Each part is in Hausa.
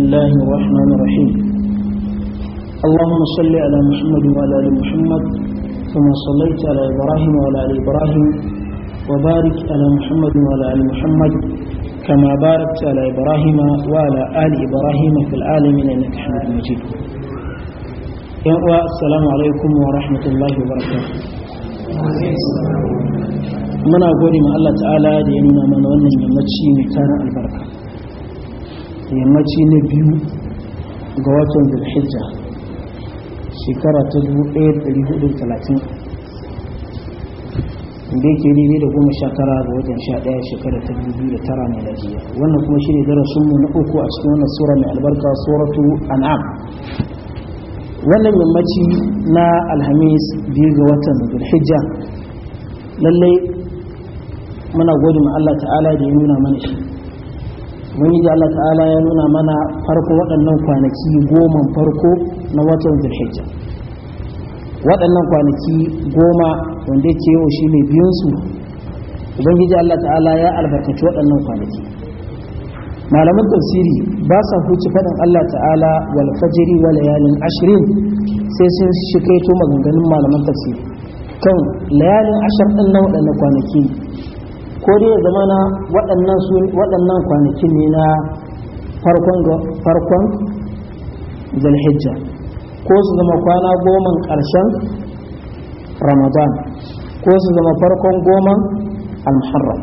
الله الرحمن الرحيم اللهم صل على محمد وعلى آل محمد كما صليت على إبراهيم وعلى آل إبراهيم وبارك على محمد وعلى آل محمد كما باركت على إبراهيم وعلى آل إبراهيم في العالمين إنك حميد مجيد السلام عليكم ورحمة الله وبركاته من أقول ma الله تعالى دينا من ونن من wannan مكان mai yammaci na biyu ga watan zulhijja shekara ta 1430 da yake daidai da goma shakara ga watan sha ɗaya shekara ta biyu da tara mai lafiya wannan kuma shi ne darasinmu na uku a cikin wannan tsoron mai albarka suratu an'am wannan yammaci na alhamis biyu ga watan zulhijja lallai muna godin Allah ta'ala da ya nuna mana shi da Allah ta'ala ya nuna mana farko waɗannan kwanaki goma farko na watan zulhijja waɗannan kwanaki goma wanda ya ce yau shi ne biyunsu ubangiji Allah ta'ala ya albarkaci waɗannan kwanaki Malamin tafsiri ba sa huce faɗin Allah ta'ala wal fajiri wal layalin ashirin sai sun shikaito maganganun malaman tafsiri kan layalin ashirin ɗin na waɗannan kwanaki ko dai ya zama na waɗannan waɗannan kwanakin ne na farkon farkon ko su zama kwana goman ƙarshen ramadan ko su zama farkon goman al-muharram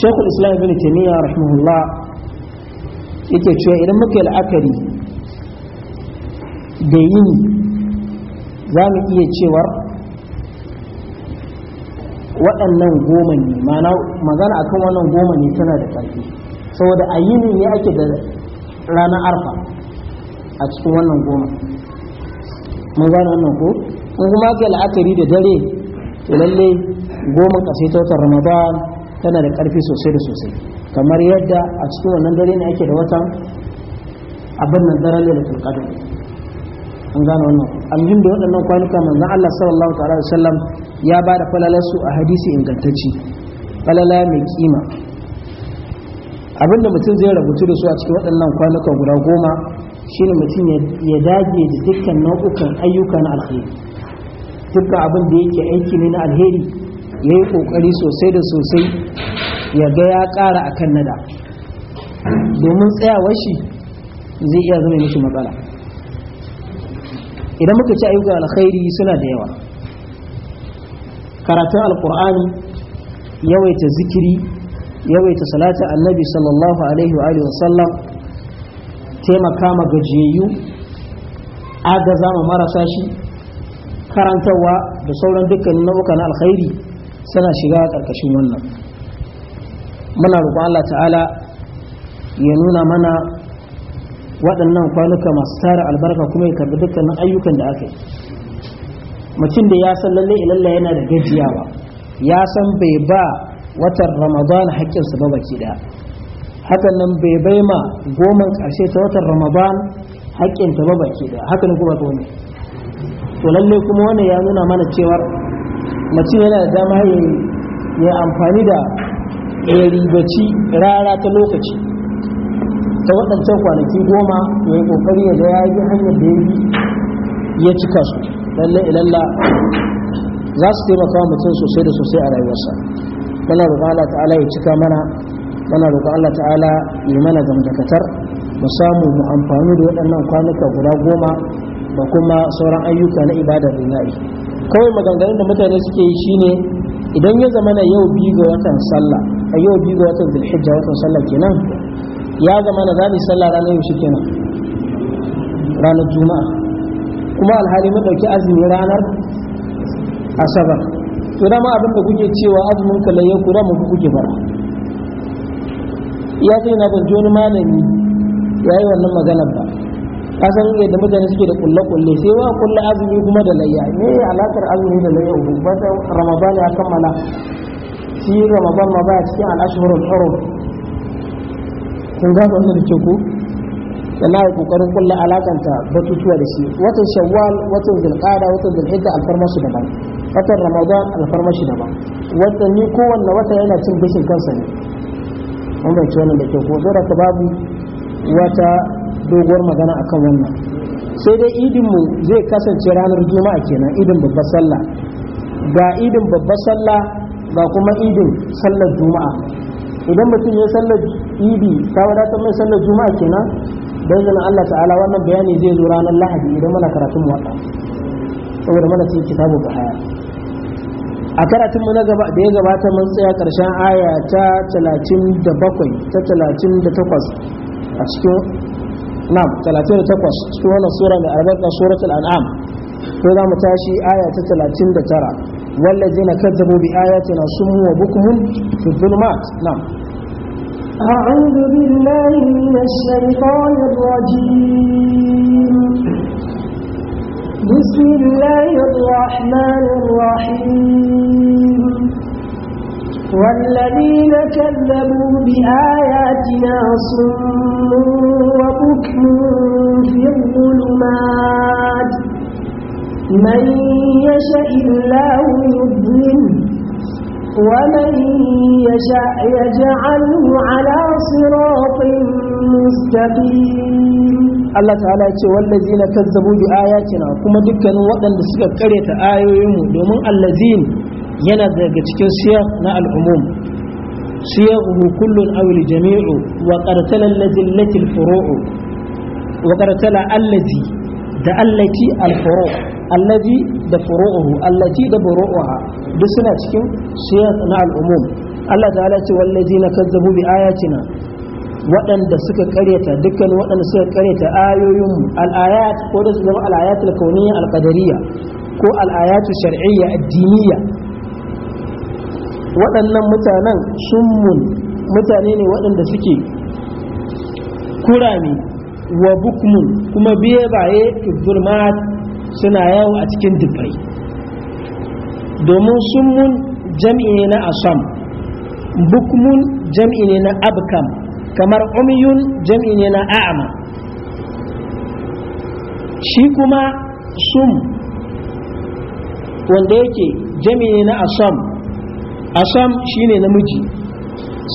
shekul islam ibn taimiyya rahimahullah yake cewa idan muka yi la'akari da yini za mu iya cewar waɗannan goma ne mana magana a kan wannan goma ne tana da ƙarfi saboda a yini ne ake da ranar arfa a cikin wannan goma mun gane wannan ko in kuma ka la'akari da dare to lalle goma ƙasai ta watan ramadan tana da ƙarfi sosai da sosai kamar yadda a cikin wannan dare ne ake da watan abin nan daren da qadr an gane wannan an yin da waɗannan kwanuka manzon Allah sallallahu ta'ala alaihi wasallam ya ba da falalarsu a hadisi ingantacci falala mai kima abinda mutum zai rubutu da su a cikin waɗannan kwanuka guda goma shine mutum ya dage da dukkan nau'ukan ayyukan na alheri dukkan abin da yake aiki ne na alheri ya yi ƙoƙari sosai da sosai ya ga ya ƙara a kan nada domin tsayawar shi zai iya zama mishi matsala idan muka ci ayyukan alheri suna da yawa karatun alkur'ani yawaita zikiri yawaita salatu annabi sallallahu alaihi wa sallam, taimaka ma gajiyayyu agaza ma marasa shi karantarwa da sauran dukkanin nau'uka na alkhairi suna shiga ƙarƙashin wannan muna roƙon Allah ta'ala ya nuna mana waɗannan kwanuka masu tara albarka kuma ya karbi dukkanin ayyukan da aka yi mutum da ya san lallai ilalla yana da gajiyawa ya san bai ba watan ramadan haƙƙinsa ba baki da hakan nan bai bai ma goman ƙarshe ta watan ramadan haƙƙinta ba baki da hakan kuma ta wani to lallai kuma wannan ya nuna mana cewa mutum yana da dama ya amfani da ya ribaci rara ta lokaci ta waɗancan kwanaki goma ya yi ƙoƙari ya ga ya hanyar da ya yi ya cika su lalle ilalla za su taimaka mutum sosai da sosai a rayuwarsa muna roƙa Allah ta'ala ya cika mana muna roƙa Allah ta'ala ya mana gamdakatar mu samu mu amfani da waɗannan kwanuka guda goma da kuma sauran ayyuka na ibada da yayi kawai maganganun da mutane suke yi shine idan ya zama na yau biyu ga watan sallah a yau biyu ga watan zulhijja watan sallah kenan ya zama na za mu sallah ranar yau shi kenan ranar juma'a kuma alhali mun ɗauki azumi ranar asabar to dama abin da kuke cewa azumin ka laye ku mu kuke fara ya ce na ban joni malami ya yi wannan maganar ba kasan yadda mutane suke da kulle-kulle sai wa kulle azumi kuma da layya ne alakar azumi da layya uku ba ta ramadan ya kammala shi ramadan ma baya cikin al'ashhurul hurum kun gano wannan da ke ku wallahi kokarin kulla alakanta batutuwa da shi watan shawwal watan zulqa'da watan zulhijja alfarmar su daban watan ramadan alfarmar shi daban watan ni kowanne wata yana cin bishin kansa ne mun bai wannan da ke ko da ka babu wata doguwar magana akan wannan sai dai idin mu zai kasance ranar juma'a kenan idin babbar sallah ga idin babbar sallah ga kuma idin sallar juma'a idan mutum ya sallar idi ta wadatar mai sallar juma'a kenan da izinin Allah ta'ala wannan bayani zai zo ranar lahadi idan muna karatun muwaɗa saboda mana cikin kitabu bahaya a karatun mu da ya gabata mun tsaya karshen aya ta 37 ta takwas a cikin na'am 38 cikin wannan sura mai albarka suratul an'am to za mu tashi aya ta 39 wallazina kadzabu bi ayatina summu wa bukmun fi dhulumat na'am أعوذ بالله من الشيطان الرجيم بسم الله الرحمن الرحيم والذين كذبوا بآياتنا صم وبكم في الظلمات من يشأ الله يبقى ومن يشاء يجعله على صراط مستقيم الله تعالى يقول والذين كذبوا بآياتنا كما دكنا وقتاً لسكة قرية آيوهم دومون الذين ينذج تكن سياقنا العموم سياقه كل أو الجميع وقرتل الذي التي الفروع وقرتل الذي ذا الفروع الذي ذا فروعه التي duk suna cikin siyas na al'umum Allah ta'ala ce wallazina kazzabu bi ayatina waɗanda suka karyata dukkan waɗanda suka karyata ayoyinmu al'ayat ko da su zama al'ayat al-kauniyya al-qadariyya ko al'ayat shar'iyya addiniya waɗannan mutanen summun mutane ne waɗanda suke kurami wa bukmun kuma biye baye fi suna yawo a cikin dubbai domin mun jam'i ne na asam bukmun jam'i ne na abkam kamar umiyun jam'i ne na a'ama shi kuma sum wanda yake jam'i ne na asam asam shi ne namiji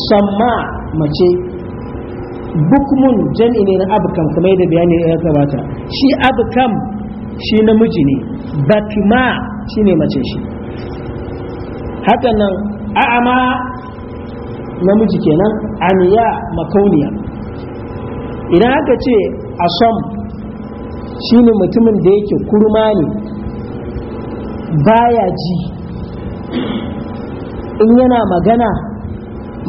samma mace bukmun jam'i ne na abkam kamar yadda bayani ya gabata shi abkam shi namiji ne shi shine mace shi haka nan a'ama namiji kenan aniya makauniya idan aka ce shi shine mutumin da yake kurma ne baya ji in yana magana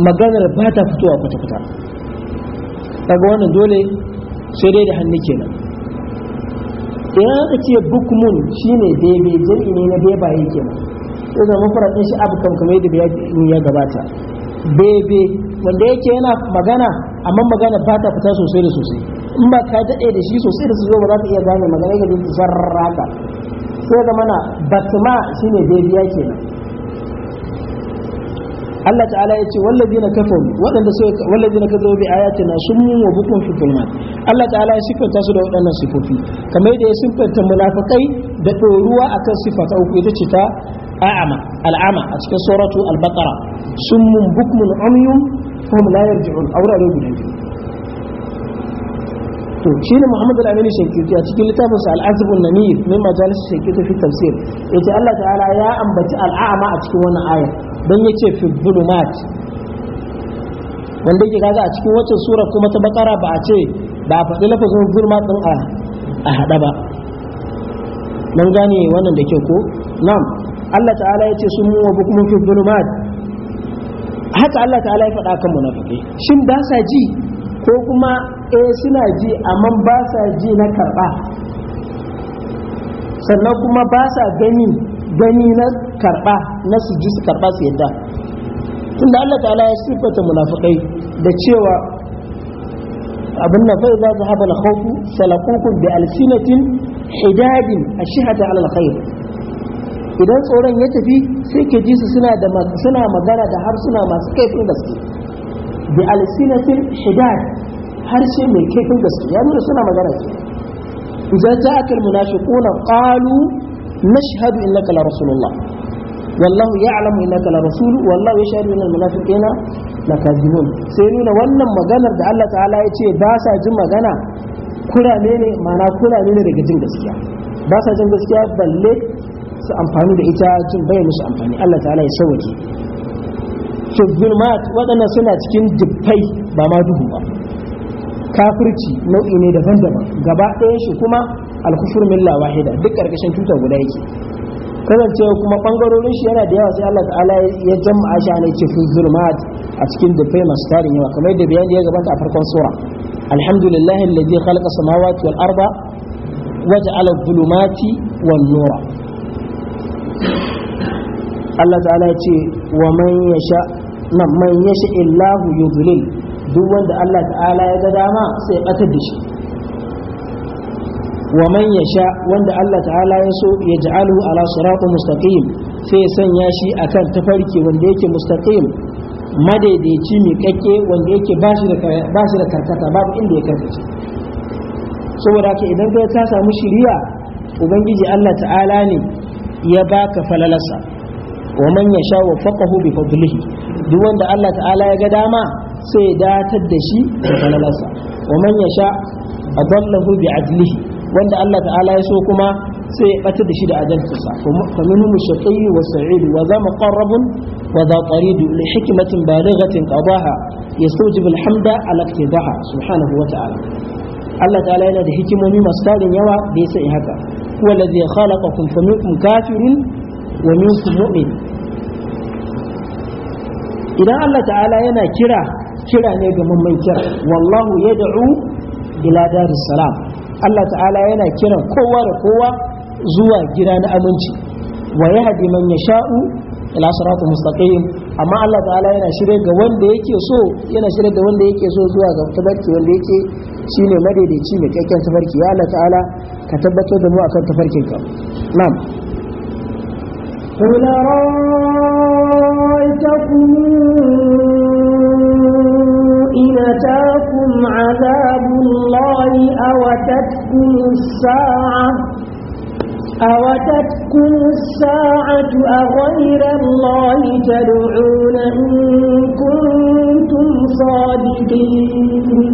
maganar ba ta fitowa kwata-kwata daga wannan dole sai dai da hannu kenan idan aka ce bukmun ne daidai jam'i ne na bebaye kenan ya zama faradin shi abu kamkamai da bayani ya gabata bebe wanda yake yana magana amma magana ba ta fita sosai da sosai in ba ka daɗe da shi sosai da sosai ba za ka iya gane magana ga dinta sarraka sai da mana batma shine bebiya kenan Allah ta'ala ya ce wallazina kafaru waɗanda sai wallazina kafaru bi ayatina summun wa bukun fi Allah ta'ala ya sifanta su da waɗannan sifofi kamar yadda ya sifanta munafikai da ɗoruwa akan sifata uku ita ce ta a'ama al'ama a cikin suratu al-baqara summun bukmun umyum fahum la yarji'un aurare guda biyu to shi ne muhammad al-amini shankiti a cikin littafin sa al-azbun namir min majalis shankiti fi tafsir yace Allah ta'ala ya ambaci al'ama a cikin wannan ayar dan yace fi dhulumat wanda yake kaga a cikin wacce sura kuma ta bakara ba a ce ba a faɗi lafazin zulma ɗin a haɗa ba mun gane wannan da ke ko na'am Allah ta'ala ya ce sun wa bukumin fi zulumat haka Allah ta'ala ya faɗa kan munafikai shin ba sa ji ko kuma e suna ji amma ba sa ji na karɓa sannan kuma ba sa gani gani na karɓa na su ji su karɓa su yadda tunda Allah ta'ala ya siffata munafikai da cewa abin na fai za su haɓa na khawfu salakukum bi alsinatin hidadin ashihata alal khair idan tsoron ya tafi sai ke ji su suna magana da harsuna masu kaifin gaske bi alsinatin shidad harshe mai kaifin gaske ya nuna suna magana ke idza ja'aka almunafiquna qalu nashhadu innaka la rasulullah wallahu ya'lamu innaka la rasul wallahu yashhadu innal munafiqina lakazibun sai nuna wannan maganar da Allah ta'ala ya ce ba sa jin magana kurame ne mana kurame ne daga jin gaskiya ba sa jin gaskiya balle su amfani da ita jin bai musu amfani Allah ta'ala ya sauke to zulmat waɗannan suna cikin dubbai ba ma duhu ba kafirci nau'i ne daban-daban gaba ɗaya shi kuma alkufur milla wahida duk ƙarƙashin tuta guda yake kasance kuma ɓangarorin shi yana da yawa sai Allah ta'ala ya jama'a shi ne ce fi zulmat a cikin dubbai masu tarin yawa kamar yadda bayani ya gabata a farkon sura Alhamdu alladhi khalaqa samawati wal arda waja'ala adh-dhulumati wan nura Allah ta'ala ya ce wa man yasha nan man yasha illahu yudlil duk wanda Allah ta'ala ya ga dama sai batar da shi wa man yasha wanda Allah ta'ala ya so ya ja'alu ala siratin mustaqim sai ya sanya shi akan tafarki wanda yake mustaqim madaidaici mai kakke wanda yake ba shi da karkata babu inda ya karkace saboda haka idan ka samu shiriya ubangiji Allah ta'ala ne ya baka falalarsa wa man yasha wa faqahu bi fadlihi duk wanda Allah ta'ala ya ga dama sai ya datar da shi da falalarsa wa man yasha adallahu bi adlihi wanda Allah ta'ala ya so kuma sai ya batar da shi da adalcinsa fa minhum shaqiyyu wa sa'id wa za muqarrabun wa za qarid li hikmatin balighatin qadaha yastujibu alhamda ala iktidaha subhanahu wa ta'ala Allah ta'ala yana da hikimomi masu tarin yawa da ya sai haka huwa alladhi khalaqakum fa minkum kafirun wa minkum mu'min idan Allah ta'ala yana kira kira ne ga mamman kira wallahu yad'u ila daris salam Allah ta'ala yana kiran kowa da kowa zuwa gida na aminci wa ya man yasha'u ila siratal mustaqim amma Allah ta'ala yana shirye ga wanda yake so yana shirye da wanda yake so zuwa ga tabarki wanda yake shine madaidaici mai cikakken tafarki ya Allah ta'ala ka tabbatar da mu akan tafarkin ka na'am قل رأيتكم إن أتاكم عذاب الله أوتتكم الساعة أوتتكم الساعة أغير الله تدعون إن كنتم صادقين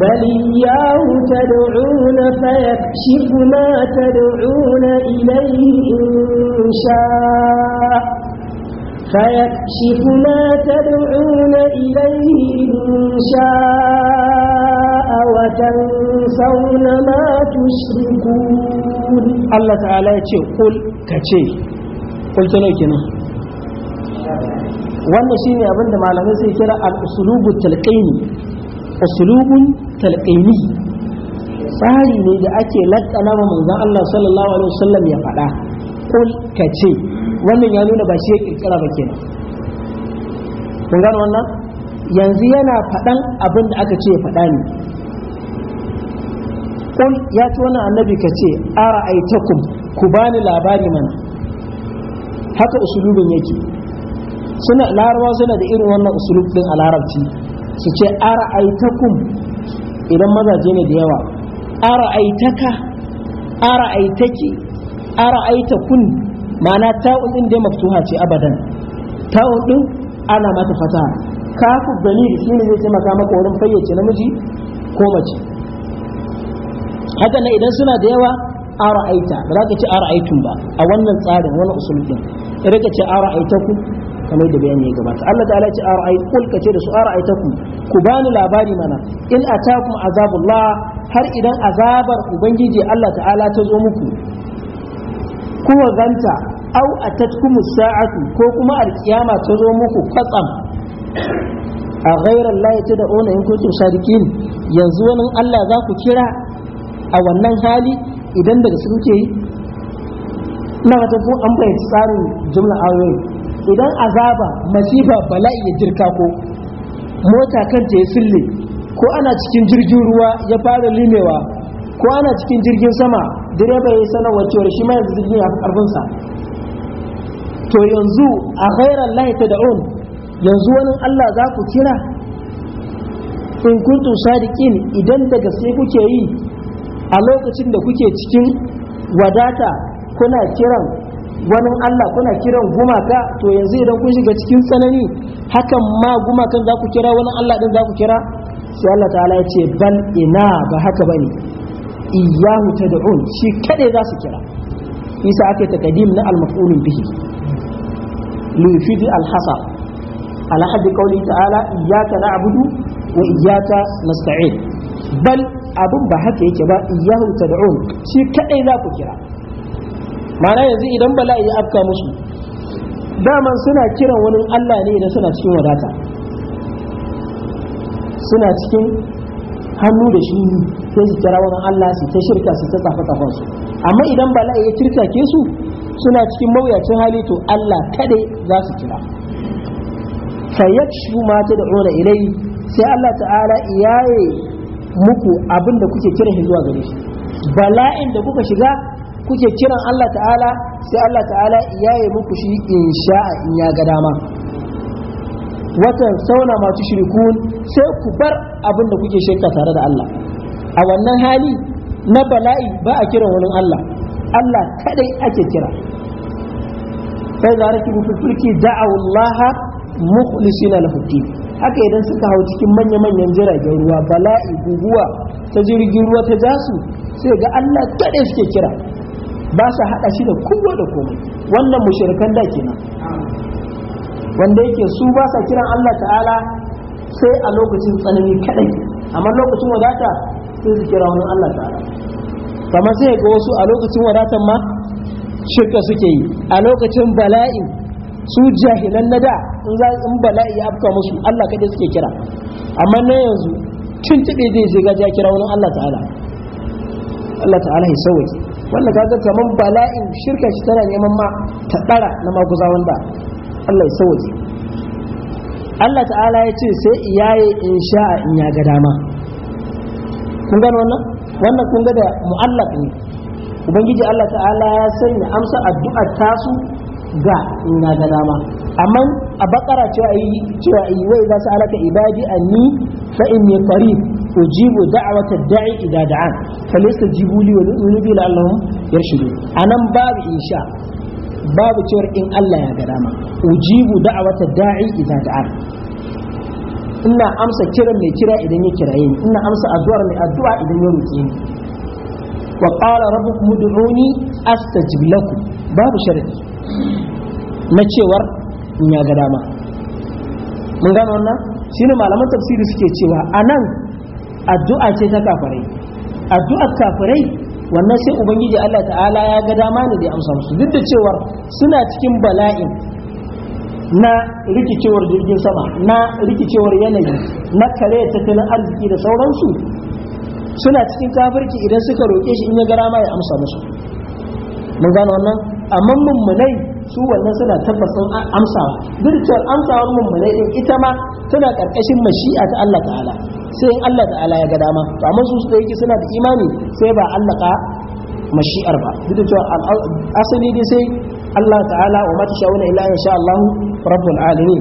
بل إياه تدعون فيكشف ما تدعون إليه إن شاء فيكشف ما تدعون إليه إن شاء وتنسون ما تشركون الله تعالى يقول قل كشي قل تلوكنا وانا shine abin da malamai sai kira al usulubun talqini tsari ne da ake lakkana ma manzon Allah sallallahu alaihi wasallam ya faɗa kul kace wannan ya nuna ba shi ya kirkira ba kenan kun gano wannan yanzu yana faɗan abin da aka ce ya faɗa ne kul ya ci wannan annabi ka ce ara aitakum ku bani labari mana haka usulubin yake suna larawa suna da irin wannan usulub din a larabci su ce ara'aitakum idan mazaje ne da yawa ara'aitaka ara'aitaki ara'aitakun ma'ana ta'un din dai maftuha ce abadan ta'un din ana mata fata kafu gani da shine zai taimaka maka wurin fayyace namiji ko mace haka na idan suna da yawa ara'aita ba za ka ce ara'aitun ba a wannan tsarin wani usul din ka ce ara'aitakum kamar da bayani ya gabata Allah ta'ala ce a ra'ayi kul kace da su a ra'aitakum ku bani labari mana in atakum azabullah har idan azabar ubangiji Allah ta'ala ta zo muku kuma ganta au atatkum sa'atu ko kuma alkiyama ta zo muku kwatsam a ghairar layi ta da ona in kuntum sadiqin yanzu wani Allah za ku kira a wannan hali idan daga suke yi na wata an bai tsarin jumla ayoyi idan azaba masifa bala'i ya jirka ko mota kanta ya sille ko ana cikin jirgin ruwa ya fara limewa ko ana cikin jirgin sama direba ya sanarwa cewar shi ma yanzu jirgin ya karfinsa to yanzu a hairar lahi ta da'un yanzu wani allah za ku kira in kuntum sadiqin idan daga sai kuke yi a lokacin da kuke cikin wadata kuna kiran wani Allah kuna kiran gumaka to yanzu idan kun shiga cikin tsanani hakan ma gumakan za ku kira wani Allah din za ku kira sai Allah ta'ala ya ce bal ina ba haka bane iyyahu tad'un shi kade za su kira isa ake takadim na al-maf'ulun bihi lufidi al-hasab ala hadi qawli ta'ala iyyaka na'budu wa iyyaka nasta'in bal abun ba haka yake ba iyyahu tad'un shi kadai za ku kira mana yanzu idan bala'i ya afka musu dama suna kiran wani Allah ne da suna cikin wadata suna cikin hannu da shi sai su kira wani Allah su ta shirka su ta tsafa kafansu amma idan bala'i ya kirka ke su suna cikin mawuyacin hali to Allah kadai za su kira fayyacin ma ta da ƙona ilai sai Allah ta'ala iyaye muku abin da kuke kira shi zuwa gare shi bala'in da kuka shiga kuke kiran Allah ta'ala sai Allah ta'ala ya yi muku shi in sha'a in ya ga dama watan sauna masu shirikun sai ku bar abin da kuke shirka tare da Allah a wannan hali na bala'i ba a kiran wani Allah Allah kadai ake kira sai da rakibu fi fulki da'awu mukhlisina lahu haka idan suka hau cikin manya-manyan jiragen ruwa bala'i guguwa ta jirgin ruwa ta jasu sai ga Allah kadai suke kira ba sa haɗa shi da kowa da komai wannan mushrikan da kenan wanda yake su ba sa kiran Allah ta'ala sai a lokacin tsanani kadai amma lokacin wadata sai su kira wani Allah ta'ala kamar sai ga wasu a lokacin wadatan ma shirka suke yi a lokacin bala'i su jahilan na da in za in bala'i ya afka musu Allah kadai suke kira amma na yanzu tuntube zai je gaja kira wani Allah ta'ala Allah ta'ala ya sauke wannan kaga kaman bala'in shirka shi tana neman ma ta dara na maguza wanda Allah ya sauke Allah ta'ala ya ce sai iyaye in sha'a in ya ga dama kun gano wannan wannan kun ga da mu'allaf ne ubangiji Allah ta'ala ya sanya amsa addu'ar tasu ga in ya ga dama amma a bakara cewa yi cewa yi wai za su alaka ibadi anni fa inni qarib ujibu da'a da'i idza da'an falaysa jibuli wa nubi la allahum yarshidu anan babu insha babu cewar in Allah ya ga dama ujibu da'awata da'i idza da'an ina amsa kiran mai kira idan ya kiraye ni ina amsa addu'ar mai addu'a idan ya roƙe ni wa qala rabbukum ud'uni babu sharadi na cewar in ya ga dama mun gano wannan shine malaman tafsiri suke cewa anan addu'a ce ta kafirai addu'a kafirai wannan sai ubangiji Allah ta'ala ya ga dama ne da amsa musu duk da cewa suna cikin bala'in na rikicewar jirgin sama na rikicewar yanayi na kare tattalin arziki da sauransu suna cikin kafirci idan suka roƙe shi in ya ga ma ya amsa musu mun gano wannan amma mummunai su wannan suna tabbasin amsawa duk da amsawar mu din ita ma tana karkashin mashi'a ta Allah ta'ala sai in Allah ta'ala ya ga dama to amma su da yake suna da imani sai ba Allah ka mashi'ar ba duk da cewa asali dai sai Allah ta'ala wa ma tashauna illa in sha Allah rabbul alamin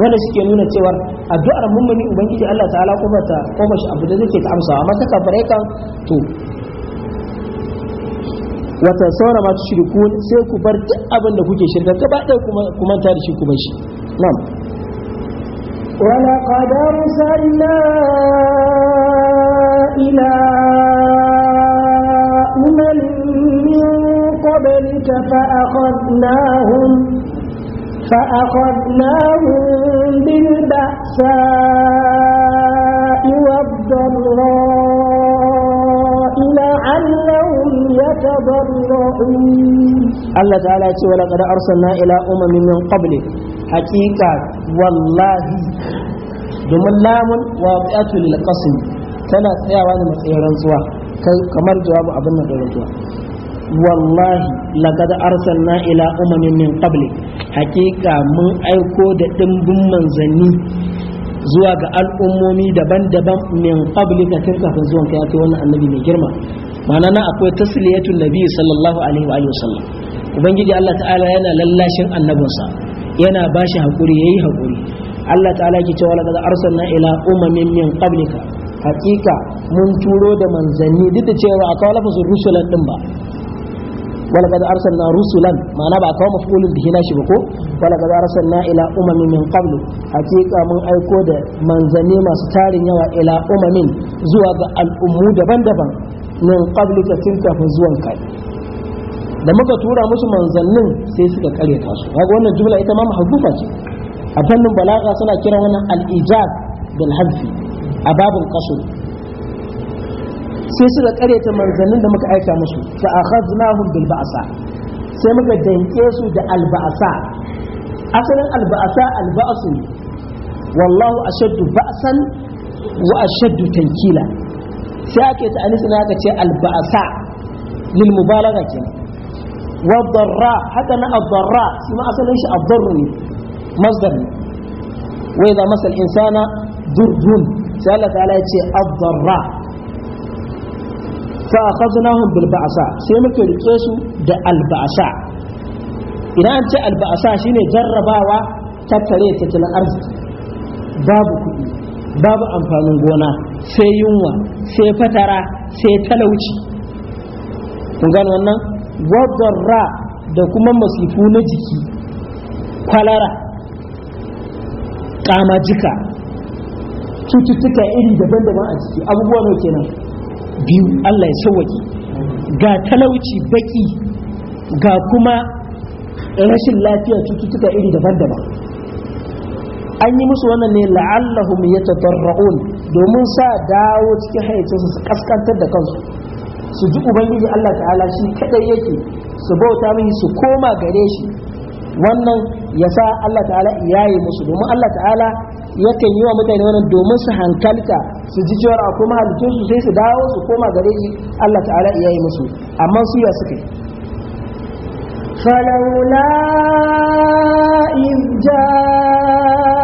wanda suke nuna cewar addu'ar mummuni ubangiji Allah ta'ala kuma ta koma shi abu da zai ta amsawa amma ta kafirai kan to wata saura ma tushrikun sai ku bar duk abin da kuke shirka gaba ɗaya kuma ta da shi ku bar shi na'am ولقد أرسلنا إلى أمم من قبلك فأخذناهم فأخذناهم بالبأساء والضراء يتضرعون الله ce wa laqad arsalna ila أمم min qabli haqiqa wallahi. domin lamun waqi'atu lil qasm tana tsayawa da matsayin rantsuwa kamar jawabu abin nan da rantsuwa wallahi laqad arsalna ila umamin min qabli haqiqa mun aiko da dimbin manzanni zuwa ga al'ummomi daban-daban min qabli ka tinka kafin zuwan kai wannan annabi mai girma ma'ana nan akwai tasliyatun nabi sallallahu alaihi wa sallam ubangiji Allah ta'ala yana lallashin annabinsa yana bashi hakuri yayi hakuri Allah ta'ala ke cewa laqad arsalna ila umamin min qablika hakika mun turo da manzanni duk da cewa a kawo lafazin rusulan din ba wala kada arsalna rusulan ma'ana ba kawo mafulun bihi nashi ba ko wala kada arsalna ila umamin min qablu hakika mun aiko da manzanni masu tarin yawa ila umamin zuwa ga al'ummu daban-daban min qablika tun kafin zuwan kai da muka tura musu manzannin sai suka kare ta su kaga wannan jumla ita ma mahdufa ce a fannin balaga suna kira wannan al-ijab bil hadfi a babin qasr sai suka kare ta manzannin da muka aika musu fa akhadnahum bil ba'sa sai muka danke su da al ba'sa asalin al ba'sa al ba'su wallahu ashaddu ba'san wa ashaddu tankila sai ake ta anisa na aka ce alba'asa lil mubalaga kenan wa darra haka na ad-darra shi ma asalin shi ad-darr ne masdar ne wa idza masal insana durrun sai Allah ta'ala ya ce ad-darra fa akhadnahum bil ba'sa sai muke rike su da al-ba'sa idan an ce al-ba'sa shine jarrabawa tattare tattalin arziki babu kuɗi babu amfanin gona sai yunwa sai fatara sai talauci kun gano wannan wadarra da kuma masifu na jiki kwalara kamajika cututtuka iri daban-daban a jiki abubuwa ne kenan biyu Allah ya sauwaki ga talauci baki ga kuma rashin lafiya cututtuka iri daban-daban an yi musu wannan ne la'allahum yatadarra'un domin sa dawo cikin hayyacinsu su kaskantar da kansu su ji ubangiji Allah ta'ala shi kadai yake su bauta mai su koma gare shi wannan ya sa Allah ta'ala yayi musu domin Allah ta'ala yakan yi wa mutane wannan domin su hankalta su ji cewa a mahalicin su sai su dawo su koma gare shi Allah ta'ala yayi musu amma su ya suka فلولا إذ جاء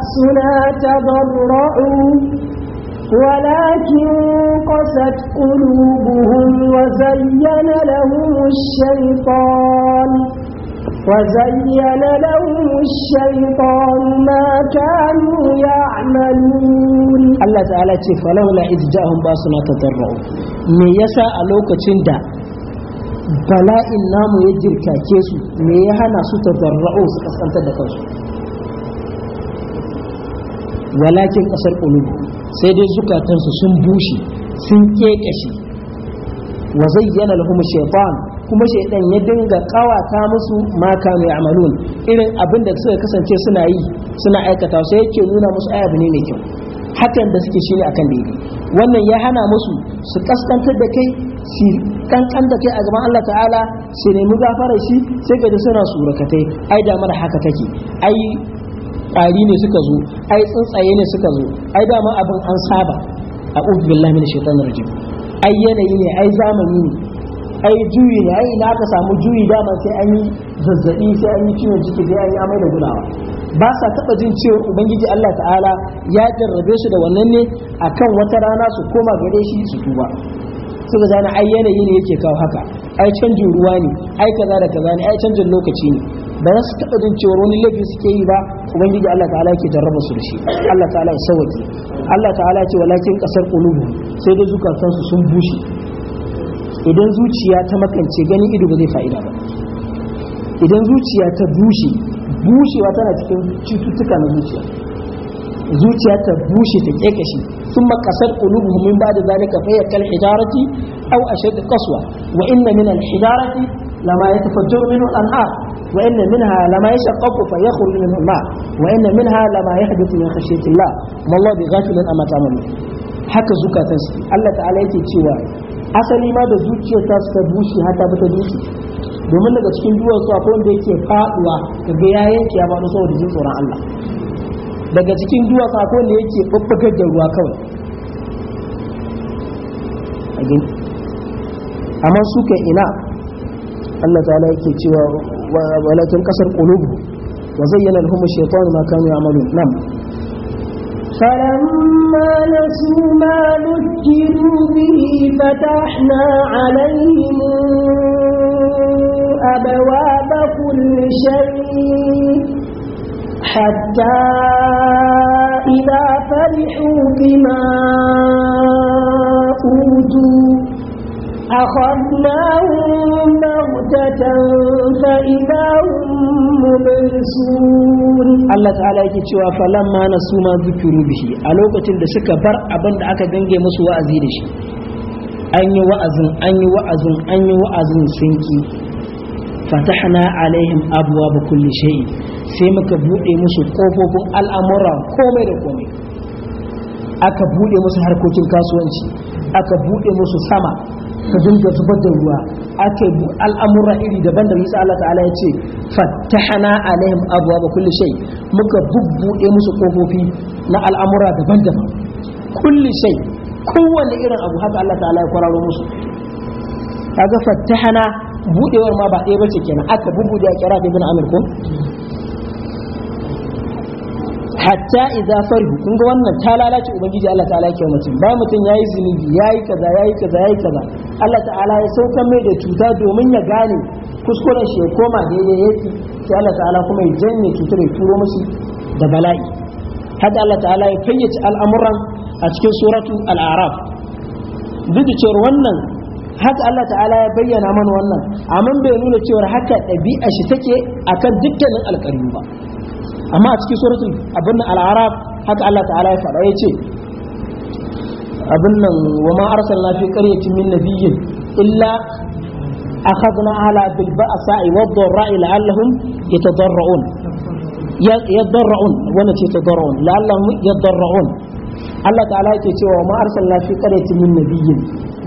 بأسنا تضرعوا ولكن قست قلوبهم وزين لهم الشيطان وزين لهم الشيطان ما كانوا يعملون الله تعالى ce falaula iz ja'ahum basuna tadarra'u me yasa a lokacin da bala'in namu ya jirkace su me ya hana su tazarra'u su kaskantar da kansu walakin kasar qulubu sai dai zukatansu sun bushe sun kekashe wa zayyana lahum shaytan kuma shaytan ya dinga kawata musu ma kanu ya'malun irin abin da suka kasance suna yi suna aikata sai yake nuna musu ayabi ne mai kyau hakan da suke a akan daidai wannan ya hana musu su kaskantar da kai su kankan da kai a gaban Allah ta'ala su nemi gafarar shi sai ka suna surakatai ai da mara haka take ai Ƙari ne suka zo ai tsuntsaye ne suka zo ai dama abin an saba a billahi min shaitan rajim ai yanayi ne ai zamani ne ai juyi ne ai ina aka samu juyi dama sai an yi zazzabi sai an yi ciwon jiki sai an yi amai da gudawa ba sa taɓa jin cewa ubangiji Allah ta'ala ya jarrabe su da wannan ne akan wata rana su koma gare shi su tuba suka zana ai yanayi ne yake kawo haka ai canjin ruwa ne ai kaza da kaza ne ai canjin lokaci ne ba za su taɓa jin cewa wani laifi suke yi ba ubangiji Allah ta'ala yake jarraba su da shi Allah ta'ala ya sauke Allah ta'ala ce walakin kasar qulubu sai dai zukatan su sun bushe idan zuciya ta makance gani ido ba zai fa'ida ba idan zuciya ta bushe bushewa tana cikin cututtuka na zuciya zuciya ta bushe ta kekashi sun makasar ƙulubu min ba da zalika fayar kal hidarati au a shaɗi kaswa wa inna min al hijarati lama ya tafajjar min al anhar وإن منها لما يشقق فيخرج منه الماء وإن منها لما يحدث من خشية الله ما الله بغافل أما تعمل haka zukatan su Allah ta'ala yake cewa asali ma da zuciyar ta suka bushe har ta fita bushe domin daga cikin akwai wanda yake faduwa kaga ya yanke ya saboda jin tsoron Allah daga cikin duwatsu akwai wanda yake bubbugar da ruwa kawai amma suka ina Allah ta'ala yake cewa ولا تنكسر قلوبهم وزين لهم الشيطان ما كانوا يعملون نعم فلما نسوا ما ذكروا به فتحنا عليهم أبواب كل شيء حتى إذا فرحوا بما أوتوا أخذناهم بغتة فإذا هم مبلسون الله تعالى يكتشوا فلما نسوا ما ذكروا به ألوكة لسك da أبن أكا دنجي مسوا أزيدش أني وأزن أني وأزن أني وأزن سنكي fatahna alaihim abuwa ba kulli shayi sai muka buɗe musu ƙofofin al'amura komai da komai aka buɗe musu harkokin kasuwanci aka buɗe musu sama ta dinga zubar da ruwa ake al'amura iri daban da yasa Allah ta'ala ya ce fattahana alaihim abwaaba kulli shai muka bubbude musu kofofi na al'amura daban-daban kulli shai kowanne irin abu haka Allah ta'ala ya kwararo musu kaga fattahana budewar ma ba ɗaya bace kenan aka bubbude a kira da ibn amir ko hatta idza farihu kun ga wannan ta lalace ubangiji Allah ta'ala yake mutum ba mutum yayi zunubi yayi kaza yayi kaza yayi kaza Allah ta'ala ya saukar mai da cuta domin ya gane kuskuren shi ya koma daidai yake sai Allah ta'ala kuma ya janye cutar ya turo musu da bala'i haka Allah ta'ala ya fayyace al'amuran a cikin suratu al-araf duk da cewa wannan haka Allah ta'ala ya bayyana mana wannan amma bai nuna cewar haka ɗabi'a shi take akan dukkanin alƙaryu ba amma a cikin suratul abin nan al'araf haka Allah ta'ala ya faɗa ya ce abin nan wa ma arsalna fi qaryatin min nabiyyin illa akhadna ala bil ba'sa'i wad dharra'i la'allahum yatadarra'un yadarra'un wannan ce tadarra'un la'allahum yadarra'un Allah ta'ala yake cewa ma arsalna fi qaryatin min nabiyyin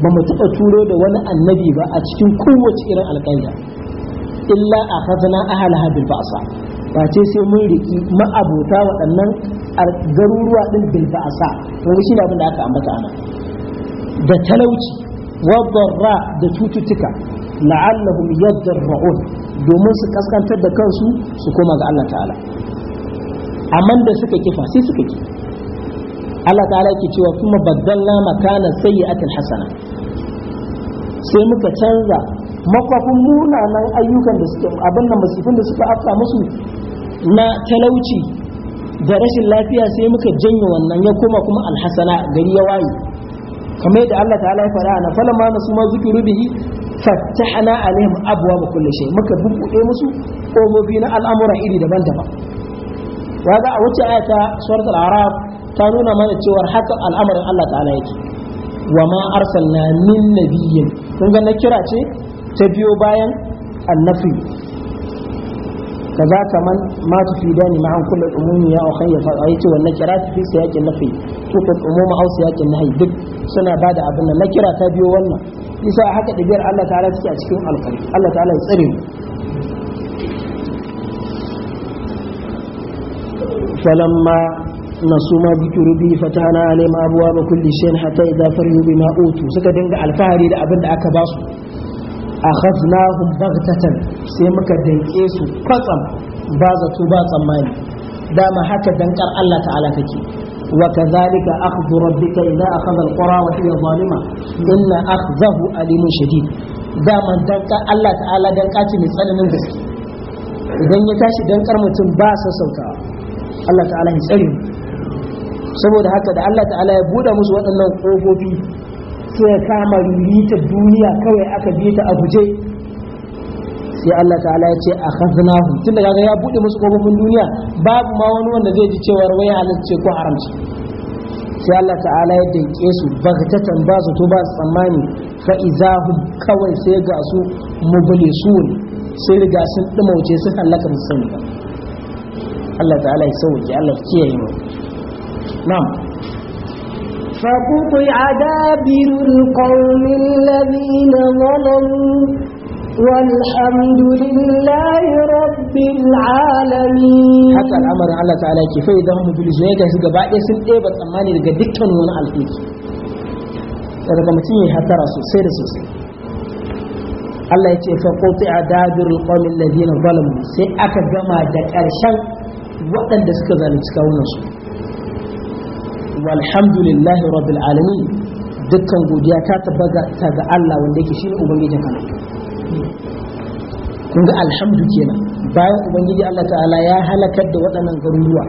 ba mu taɓa turo da wani annabi ba a cikin kowace irin alƙayya illa akhadna ahlaha bil ba'sa' face sai mun riki ma'abuta waɗannan garuruwa ɗin bilba a sa wani shi abin da aka ambata ana da talauci wadda da cututtuka la'allahum yadda-ra'un domin su kaskantar da kansu su koma ga Allah ta'ala amma da suka kifa sai suka ki Allah ta'ala ke cewa kuma baddalna makana sayyi'atil hasana sai muka canza makwafin munanan ayyukan da suke abin nan masifin da suka afka musu na talauci da rashin lafiya sai muka janye wannan ya koma kuma alhasana gari ya waye kamar yadda Allah ta'ala ya fara na falan ma nasu ma zukiru bihi fatahna alaihim abwa ba kulli shay muka bubbude musu komobi na al'amura iri daban-daban waga a wacce aya ta surat ta nuna mana cewar haka al'amarin Allah ta'ala yake wa ma arsalna min nabiyyin kun ga na kira ce ta biyo bayan annabi kaza kaman ma tufidani ma'an kullu umumi ya ukhay ya fa'aytu wa nakira fi siyaqin nafi tukul umuma aw siyaqin nahi duk suna bada abin nan kira ta biyo wannan isa haka dibiyar Allah ta'ala take a cikin alƙari Allah ta'ala ya tsare mu فلما نسوا ما ذكروا به فتحنا عليهم ابواب كل شيء حتى اذا فرحوا بما اوتوا suka dinga alfahari da abin da aka basu akhadnahum baghtatan sai muka danke su kwatsam ba zato ba tsammani dama haka dankar Allah ta'ala take wa kadhalika akhdhu rabbika idza akhadha alqura wa hiya zalima inna akhdahu alimun shadid dama dankar Allah ta'ala danka ce mai tsananin gaske idan ya tashi dankar mutum ba sa sautawa Allah ta'ala ya tsare saboda haka da Allah ta'ala ya buɗe musu waɗannan ƙofofi sai kama ririta duniya kawai aka bi ta a guje sai Allah ta'ala ya ce a khaznahu tunda kaga ya bude musu kofofin duniya babu ma wani wanda zai ji cewa wai halarci ko haramci sai Allah ta'ala ya danke su bagtatan ba su to ba su tsammani fa izahum kawai sai ga su mublisun sai riga sun dumauce sun halaka musu sani Allah ta'ala ya sauke Allah ya kiyaye mu na'am فقطع دابر القوم الذين ظلموا والحمد لله رب العالمين haka al'amarin Allah ta'ala yake fa idan mu bil jayga su gaba ɗaya sun ɗeba tsammani daga dukkan wani alheri daga mutum ya hatara sosai da sosai Allah ya ce fa qati adabir alqawmi alladhina zalamu sai aka gama da ƙarshen waɗanda suka zalunci kawunan su walhamdulillahi rabbil alamin dukkan godiya ta tabbata ga Allah wanda yake shine ubangijin halittu kun ga alhamdu kenan bayan ubangiji Allah ta'ala ya halakar da waɗannan garuruwa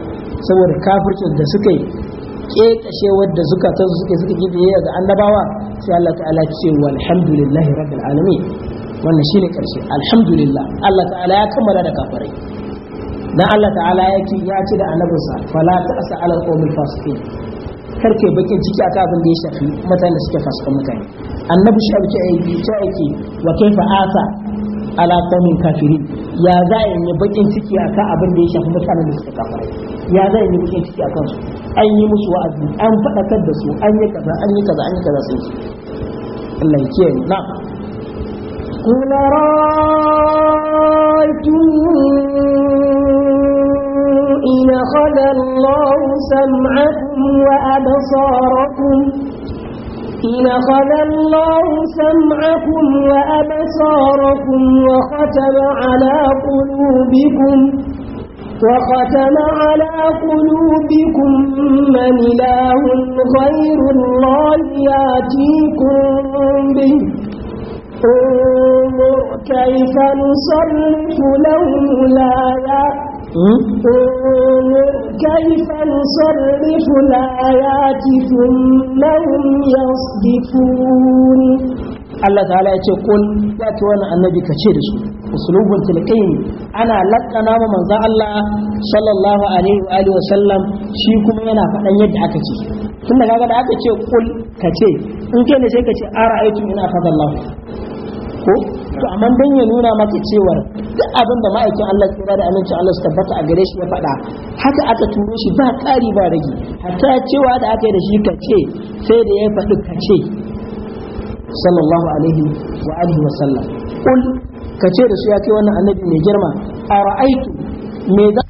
saboda kafircin da suka yi kekashe wadda zukatan su suke suka gidiye ga annabawa sai Allah ta'ala ce walhamdulillahi rabbil alamin wannan shine karshe alhamdulillah Allah ta'ala ya kammala da kafirai dan Allah ta'ala ya ce ya ci da annabinsa fala ta'sa ala qawmil fasiqin karke bakin ciki a abin da ya shafi mutane da suke fasikan mutane annabi shi abu yi ce aiki wa kai fa'asa alaƙonin kafiri kafirin ya za a yi bakin ciki akan abin da ya shafi mutane da suke kafirai ya za a yi bakin ciki akan su an yi musu wa'azi an faɗakar da su an yi kaza an yi kaza an yi kaza sun ci Allah ya kiyaye na قل رأيتم أخذ الله سمعكم وأبصاركم إن أخذ الله سمعكم وأبصاركم وختم على قلوبكم وختم على قلوبكم من إله غير الله يأتيكم به انظر كيف نصرف لهم الآيات انظر كيف نصرف الآيات ثم annabi, يصدفون الله تعالى يقول لا توانا النبي كثير usulubun tilqin ana lakkana ma manzon Allah sallallahu alaihi wa alihi wa sallam shi kuma yana faɗan yadda aka ce tun da kaga da aka ce kul ka ce in kai ne sai ka ce ara'aytu in akhadha Allah ko to amma dan ya nuna maka cewa duk abin da ma'aikin Allah tsira da aminci Allah su tabbata a gare shi ya faɗa haka aka turo shi ba ƙari ba rage hatta cewa da aka yi da shi kace sai da ya faɗi kace sallallahu alaihi wa alihi wa sallam kul kace da su ya kai wannan annabi mai girma A ra'aitu me za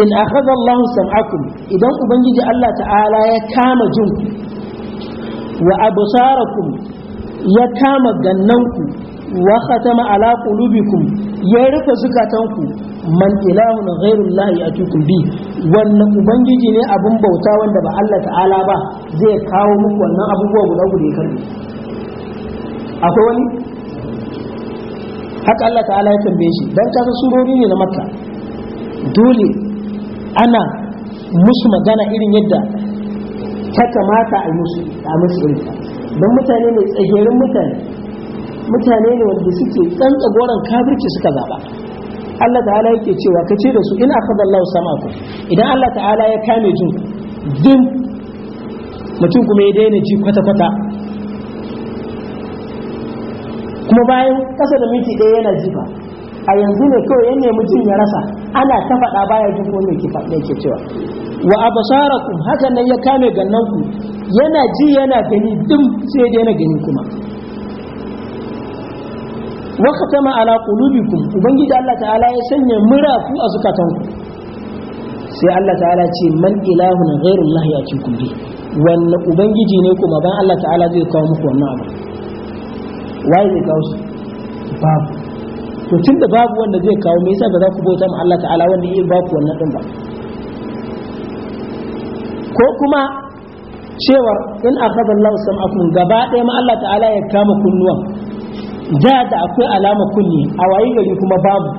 in akhadha Allah sam'akum idan ubangiji Allah ta'ala ya kama jinku wa absarakum ya kama gannanku wa khatama ala qulubikum ya rufe zukatanku man ilahun ghairu llahi atukum bi wannan ubangiji ne abin bauta wanda ba Allah ta'ala ba zai kawo muku wannan abubuwa guda guda karbe akwai wani haka Allah ta'ala ya tambaye shi dan kaga surori ne na makka dole ana musu magana irin yadda ta kamata a musu a musu irin don mutane ne tsagerin mutane mutane ne wanda suke tsantsa goron kafirci suka zaba Allah ta'ala yake cewa ka ce da su in Allah sama ku idan Allah ta'ala ya kame jin din mutum kuma ya daina ji kwata kwata kuma bayan kasa da minti ɗaya yana zifa a yanzu ne kawai yane mutum ya rasa ana ta faɗa baya jin ko ke cewa wa abasarakum haka nan ya kame gannanku? yana ji yana gani dum sai dai na gani kuma wa khatama ala qulubikum ubangiji Allah ta'ala ya sanya murafu a zukatanku sai Allah ta'ala ce man ilahun ghairullahi yatikum bi wannan ubangiji ne kuma ban Allah ta'ala zai kawo muku wannan abu Waye zai kawo su babu to tunda babu wanda zai kawo me yasa ba za ku bauta ma Allah ta'ala wanda ya ba ku wannan din ba ko kuma cewar in akhadha Allahu sam'akum gaba ɗaya ma Allah ta'ala ya kama kunnuwan da da akwai alama kunni a wayi gari kuma babu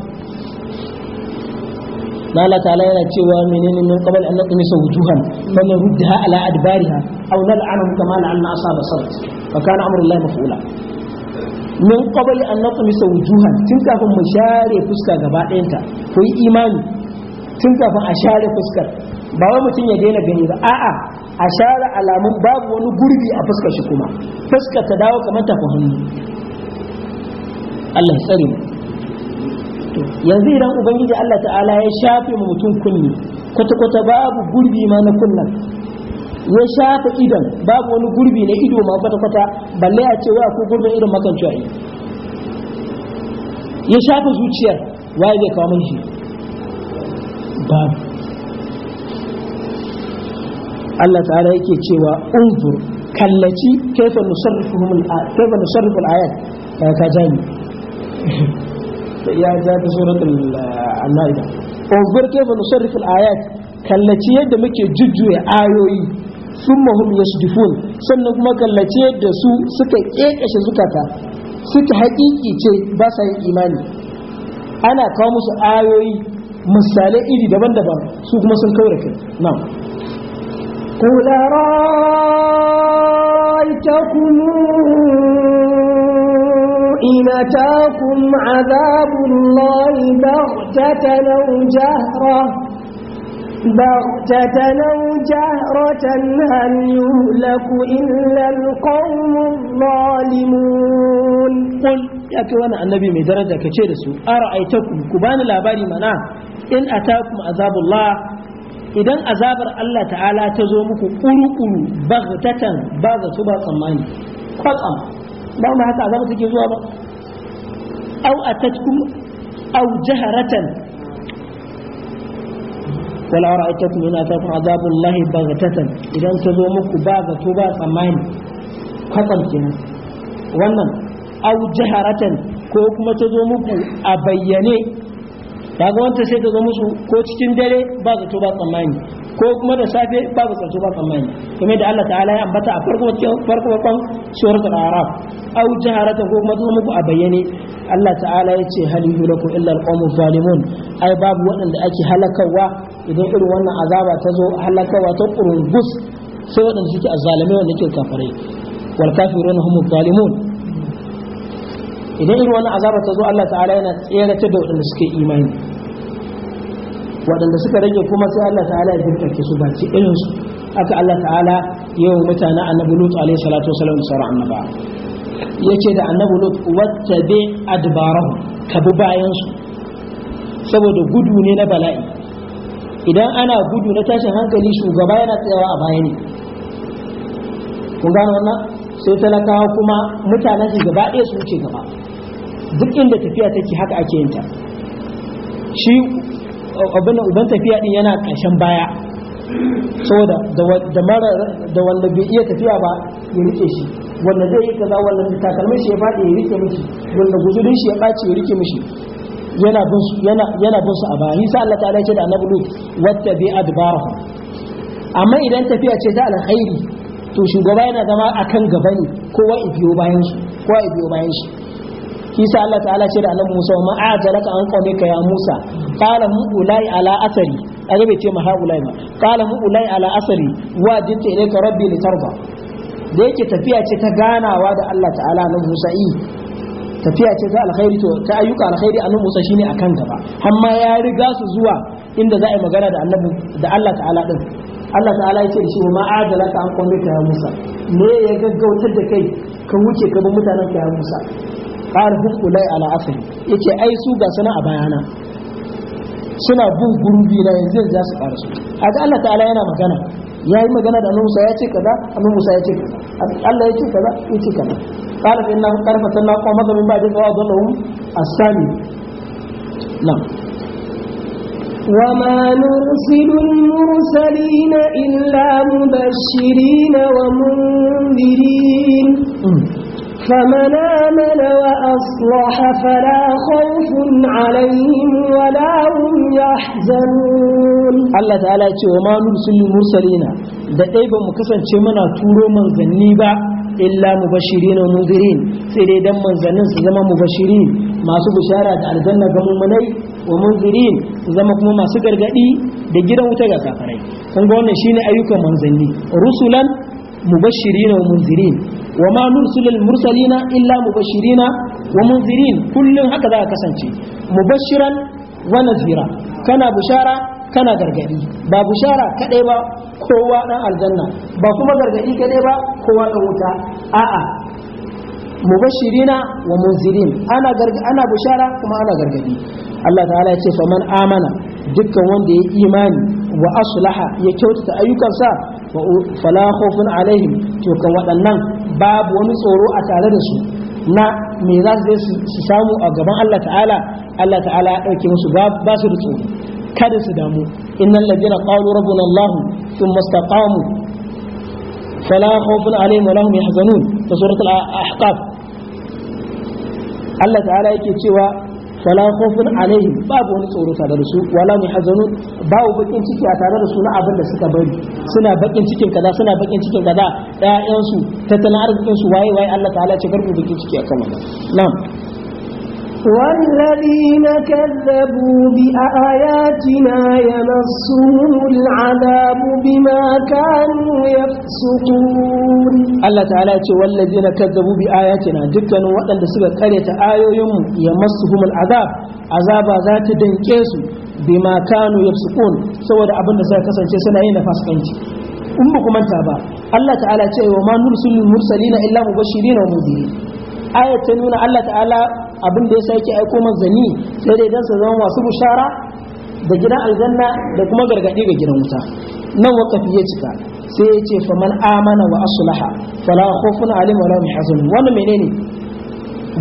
na Allah ta'ala yana cewa menene min qabl an naqmisa wujuhan man yurdaha ala adbariha aw nal'anhum kama la'anna ashab as-sabt fa kana amru Allah maf'ula min qabl an naqmisa wujuhan tun kafin mu share fuska gaba ɗayanta ko imani tun kafin a share fuskar ba wa mutum ya daina gani ba a'a a share alamun babu wani gurbi a fuskar shi kuma fuskar ta dawo kamar tafi hannu Allah ya tsare mu yanzu idan ubangiji Allah ta'ala ya shafe mu mutum kunni kwata-kwata babu gurbi ma na kunnan ya shafe idan babu wani gurbi na ido ma kwata-kwata balle a ce wa, ko gurbin irin makanci ayi ya shafe zuciyar waye zai kawo mun shi babu Allah ta'ala yake cewa unzur kallaci kaifa nusarrifuhum al-ayat kaifa nusarrifu al-ayat ka ka jami ya ja ta suratul eh, an-naida unzur kaifa nusarrifu al-ayat kallaci yadda muke jujjuya ayoyi summa hum yasdifun sannan kuma kallaci yadda su suka kekeshe zukata suka haƙiƙi ce ba sa yin imani ana kawo musu ayoyi misalai iri daban-daban su kuma sun kaura kai na'am قل رأيتكم إن أتاكم عذاب الله بغتة أو جهرة بغتة أو جهرة هل يهلك إلا القوم الظالمون قل يا كوانا النبي من درجة كتير أرأيتكم كبان الأباري منا إن أتاكم عذاب الله idan azabar Allah ta'ala ta zo muku ƙuruƙuru bagtatan ba zato ba tsammani kwatsam ba mu haka azabar take zuwa ba au a atatkum au jaharatan wala ra'aytakum in atakum azabullahi bagtatan idan ta zo muku ba zato ba tsammani kwatsam kenan wannan au jaharatan ko kuma ta zo muku a bayyane kaga wanta sai ka ga musu ko cikin dare ba zato ba tsammani ko kuma da safe ba zato ba tsammani kuma da Allah ta'ala ya ambata a farko farko farkon suratul araf aw jaharata ko kuma zo muku a bayyane Allah ta'ala ya ce hal yulakum illa alqawmu zalimun ai babu waɗanda ake halakawa idan irin wannan azaba ta zo halakawa ta kurungus sai waɗanda suke azzalumai wanda ke kafare wal kafiruna hum zalimun idan irin wani azaba ta zo Allah ta'ala yana tseratar da waɗanda suke imani waɗanda suka rage kuma sai Allah ta'ala ya jirkake su ba ci irin su haka Allah ta'ala yau mutane annabi Lut alaihi salatu wasallam da annaba yace da annabi Lut wattabi adbarahu ka bi bayan su saboda gudu ne na bala'i idan ana gudu na tashin hankali shugaba yana tsayawa a baya ne kun gano wannan sai talakawa kuma mutanen su gaba ɗaya su wuce gaba duk inda tafiya take haka ake yinta shi abin uban tafiya din yana ƙarshen baya saboda da mara da wanda bai iya tafiya ba ya rike shi wanda zai yi kaza wanda takalmin shi ya faɗi ya rike mishi wanda guzurin shi ya ɓaci ya rike mishi yana bin su yana yana bin su a baya nisa Allah ta'ala ce da annabi lut wattabi adbarahum amma idan tafiya ce ta alkhairi to shugaba yana zama akan gaba ne kowa ya biyo bayan shi kowa ya biyo bayan shi kisa Allah ta'ala ce da annabi Musa ma ajalaka an kwame ka ya Musa qala mu ulai ala asari kaga bai ce maha haulai ma qala mu ulai ala asari wa jitta ilayka rabbi li tarda da yake tafiya ce ta ganawa da Allah ta'ala na Musa yi tafiya ce ta alkhairi to ta ayyuka alkhairi annabi Musa shine akan gaba amma ya riga su zuwa inda za a yi magana da annabi da Allah ta'ala din Allah ta'ala ya ce shi wa ma'adala ka an kwambe ka ya Musa me ya gaggautar da kai ka wuce ka bi mutanen ka ya Musa qala hum ulai ala asli yace ai su ga sana a bayana suna bin gurbi na yanzu za su fara su ga Allah ta'ala yana magana ya yi magana da Musa ya ce kaza annu Musa ya ce kaza Allah ya ce kaza ya ce kaza qala fa inna qarfa sanna qawma min ba'di fa adallu a sami na. وما نرسل المرسلين إلا مبشرين ومنذرين فمن آمن وأصلح فلا خوف عليهم ولا هم يحزنون الله تعالى وما نرسل المرسلين da ɗai ba mu kasance muna turo manzanni ba illa mubashirin wa munzirin sai dai dan manzannin su zama mubashirin masu bishara da aljanna ga wa munzirin su zama kuma masu gargadi da gidan wuta ga kafirai kun ga wannan shine ayyukan manzanni rusulan mubashirin wa munzirin wa ma nursilul mursalina illa mubashirin wa munzirin kullun haka za ka kasance mubashiran wa nazira kana bushara kana gargadi ba bushara kadai ba kowa dan aljanna ba kuma gargadi kadai ba kowa dan wuta a'a mubashirina wa munzirin ana ana bushara kuma ana gargadi Allah ta'ala ya ce faman amana dukkan wanda ya imani wa aslaha ya kyautata ayyukansa fala khawfun alaihim to kan waɗannan babu wani tsoro a tare da su na me za su su samu a gaban Allah ta'ala Allah ta'ala ya ɗauke musu ba su da tsoro kada su damu innal ladina qalu rabbuna Allah thumma istaqamu fala khawfun alaihim wa lahum yahzanun ta suratul ahqaf Allah ta'ala yake cewa wala khawfun alaihim babu wani tsoro tare da su wala muhazanun babu bakin ciki a tare da su na abin da suka bari suna bakin cikin kaza suna bakin cikin kaza ƴaƴansu tattalin arzikin su waye waye Allah ta'ala ce garbu bakin ciki akan wannan na'am والذين كذبوا بآياتنا يمسهم العذاب بما كانوا يفسقون الله تعالى والذين كذبوا بآياتنا دكان وقال لسبب قرية آيو يوم يمسهم العذاب عذاب ذات دنكيسو بما كانوا يفسقون سوى أبن سيكا سنشي سنعين أين in ba manta ba Allah ta'ala ce wa ma nursulul mursalina illa mubashirin wa mudhirin ayat ta nuna abin da ya sake aiko manzanni sai dai dan su zama masu bushara da gidan aljanna da kuma gargadi ga gidan wuta nan wakafi ya cika sai ya ce faman amana wa aslaha fala khawfun alim wala hum yahzanun wannan menene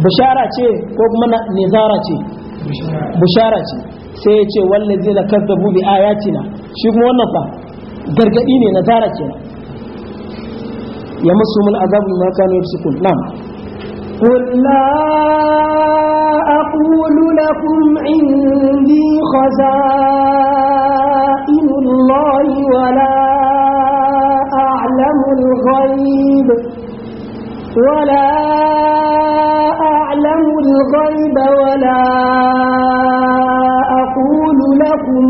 bushara ce ko kuma nizara ce bushara ce sai ya ce wallazi la kazzabu bi ayatina shi kuma wannan fa gargadi ne nazara ce ya musu azabu ma kanu yafsukun na'am قل لا أقول لكم عندي خزائن الله ولا أعلم الغيب ولا أعلم الغيب ولا أقول لكم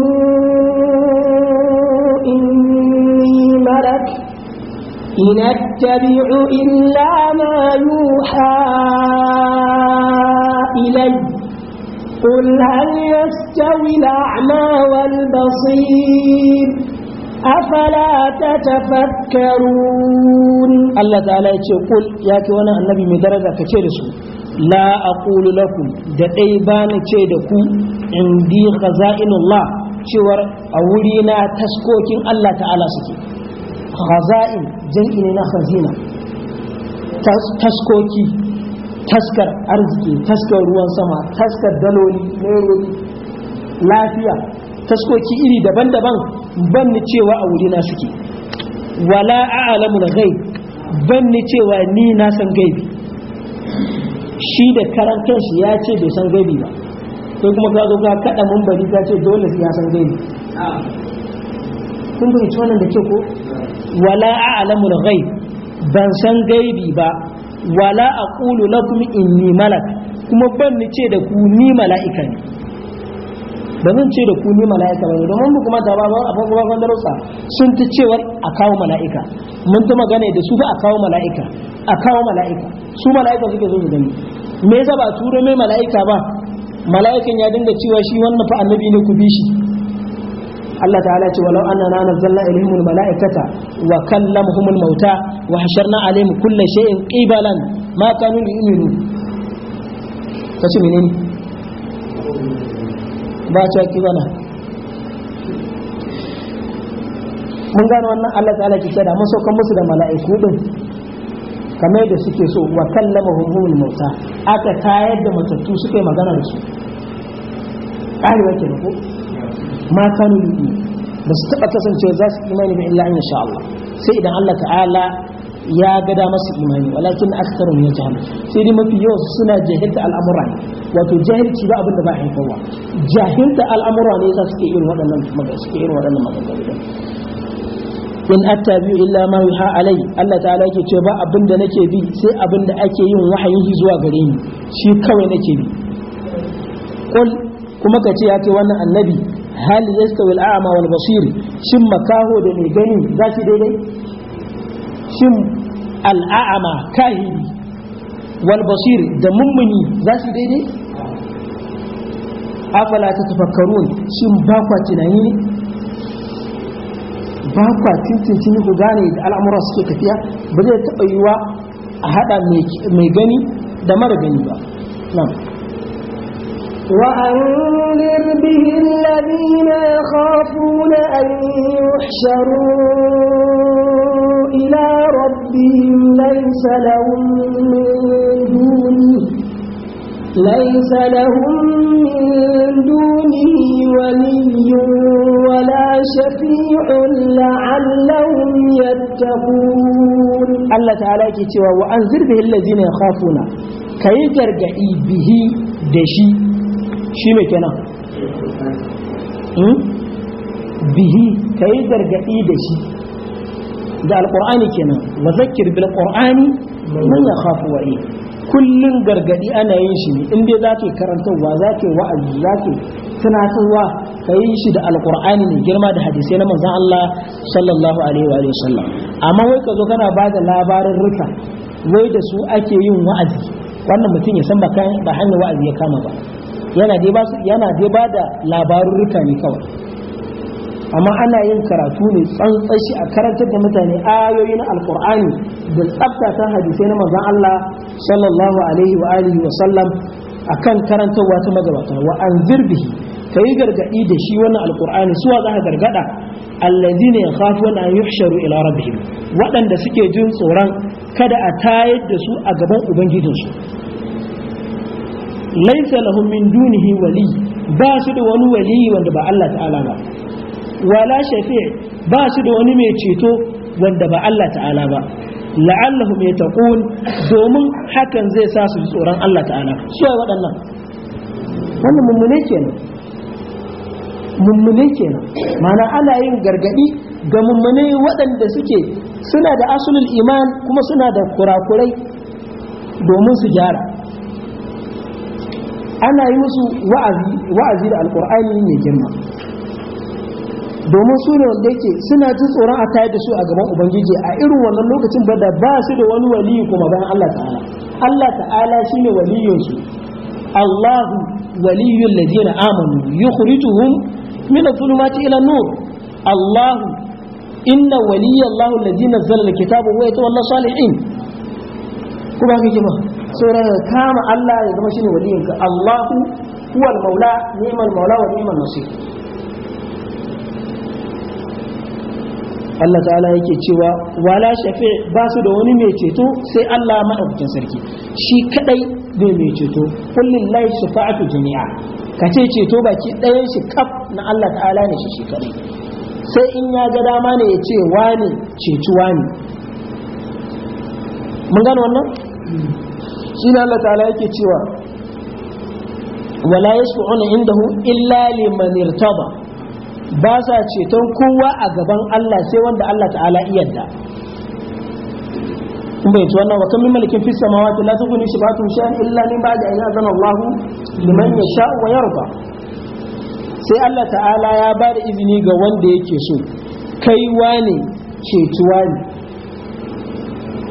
إني ملك إنك أتبع إلا ما يوحى إلي قل هل يستوي الأعمى والبصير أفلا تتفكرون الله تعالى يقول يا كوانا النبي من درجة كتير la aqulu lakum da dai bani ce da ku indi khaza'inullah cewar a wuri na taskokin Allah ta'ala suke khaza'in jami'i ne na khazina taskoki taskar arziki taskar ruwan sama taskar daloli neroli lafiya taskoki iri daban-daban ban ni cewa a wurina suke wala a'lamul ghaib ban ni cewa ni na san gaibi shi da karan kanshi ya ce bai san gaibi ba sai kuma ka zo ka kada mun bari ka ce dole sai ya san gaibi kun bai wannan da ke ko wala a'lamul ghaib ban san gaibi ba wala aqulu lakum inni malak kuma ban ni ce da ku ni mala'ika ne ba zan ce da ku ni mala'ika ba domin mun kuma ba a farko farkon darusa sun ta cewar a kawo mala'ika mun ta magana da su ba a kawo mala'ika a kawo mala'ika su mala'ika suke zo su gani me yasa ba turo mai mala'ika ba mala'ikan ya dinga cewa shi wannan fa annabi ne ku bi shi Allah ta'ala ce walau annana nazzalna ilaihimul malaikata wa kallamuhumul mauta wa hasharna alaihim kulli shay'in qibalan ma kanu yu'minu kace menene ba ta kibala mun gano wannan Allah ta'ala ke da mun saukan musu da mala'iku din kamar yadda suke so wa kallamahumul mauta aka tayar da matattu suke yi magana da su ƙarewa ke ko ma kanu yu'minu ba su taba kasancewa za su imani bi illa an sha Allah sai idan Allah ta'ala ya gada masu imani walakin aktharum yajhalu sai dai mafi yawa suna jahilta al'amura wato jahilci ba abin da ba haifarwa jahilta al'amura ne za su ke irin waɗannan suke irin waɗannan maganganu in attabi'u illa ma yuha alai Allah ta'ala yake ce ba abin da nake bi sai abin da ake yin wahayi zuwa gare ni shi kawai nake bi kul kuma ka ce ya ce wannan annabi hal yastawi al'ama wal basir shin makaho da mai gani za shi daidai shin al'ama kahiri wal basir da mummuni za shi daidai afala ta tafakkarun shin ba kwa tunani ne ba kwa tuntuntuni ku gane da al'amura suke tafiya ba zai taɓa yiwa a haɗa mai gani da mara gani ba وأنذر به الذين يخافون أن يحشروا إلى ربهم ليس لهم من دونه ليس لهم من دونه ولي ولا شفيع لعلهم يتقون الله تعالى كتوى وأنذر به الذين يخافون كي ترجعي به دشي shi mai kenan hmm? bihi ka yi gargaɗi da shi da alƙur'ani kenan wa zakir bil qur'ani ya yakhafu wa'i kullun gargaɗi ana yin shi in dai zake karantarwa zake wa'azi zake tunatarwa ka yi shi da alƙur'ani ne girma da hadisai na manzon Allah sallallahu alaihi wa sallam amma wai ka zo kana bada labarin rika wai da su ake yin wa'azi wannan mutum ya san ba hanyar wa'azi ya kama ba yana dai ba da labarurruka ne kawai amma ana yin karatu ne tsantsan shi a karantar da mutane ayoyin alkur'ani da tsabtatan hadisai na manzon Allah sallallahu alaihi wa alihi wa sallam akan karantarwa ta magabata wa anzir bihi kai gargadi da shi wannan alkur'ani suwa za a gargada allazina yakhafuna an yuhsharu ila rabbihim waɗanda suke jin tsoron kada a tayar da su a gaban ubangijinsu laisa lahum min dunihi wali ba su da wani wali wanda ba Allah ta'ala ba wala shafi' ba su da wani mai ceto wanda ba Allah ta'ala ba la'allahum yattaqun domin hakan zai sa su tsoron Allah ta'ala su ai waɗannan wannan mummune kenan mummune kenan ma'ana ana yin gargadi ga mummune waɗanda suke suna da asulul iman kuma suna da kurakurai domin su jara. ana yi musu wa'azi da alkur'ani mai girma domin su ne wanda yake suna jin tsoron a tayar da su a gaban ubangiji a irin wannan lokacin ba da ba su da wani waliyu kuma bayan Allah ta'ala Allah ta'ala shine waliyinsu Allahu waliyul ladina amanu yukhrijuhum min adh-dhulumati ila nur Allahu inna waliyallahu alladhi nazzala al-kitaba wa yatawalla salihin kuma kike ba saboda ka kama Allah ya zama shine ka Allahu huwal maula ni'mal maula wa ni'mal nasir Allah ta'ala yake cewa wala shafi ba su da wani mai ceto sai Allah maɗaukakin sarki shi kadai bai mai ceto kullum lai shafa'atu jami'a ka ce ceto baki ɗayan shi kaf na Allah ta'ala ne shi shi kadai sai in ya ga dama ne ya ce wani cecuwa ne mun gano wannan shi ne Allah ta'ala yake cewa wala yashfa'una indahu illa liman irtada ba sa ceton kowa a gaban Allah sai wanda Allah ta'ala iyadda Kuma bai ci wannan wa kamin malikin fis samawati la tughni shibatuhum shay'an illa min ba'di an ya'zana Allah liman yasha'u wa yarda sai Allah ta'ala ya ba da izini ga wanda yake so kai wane cetuwa ne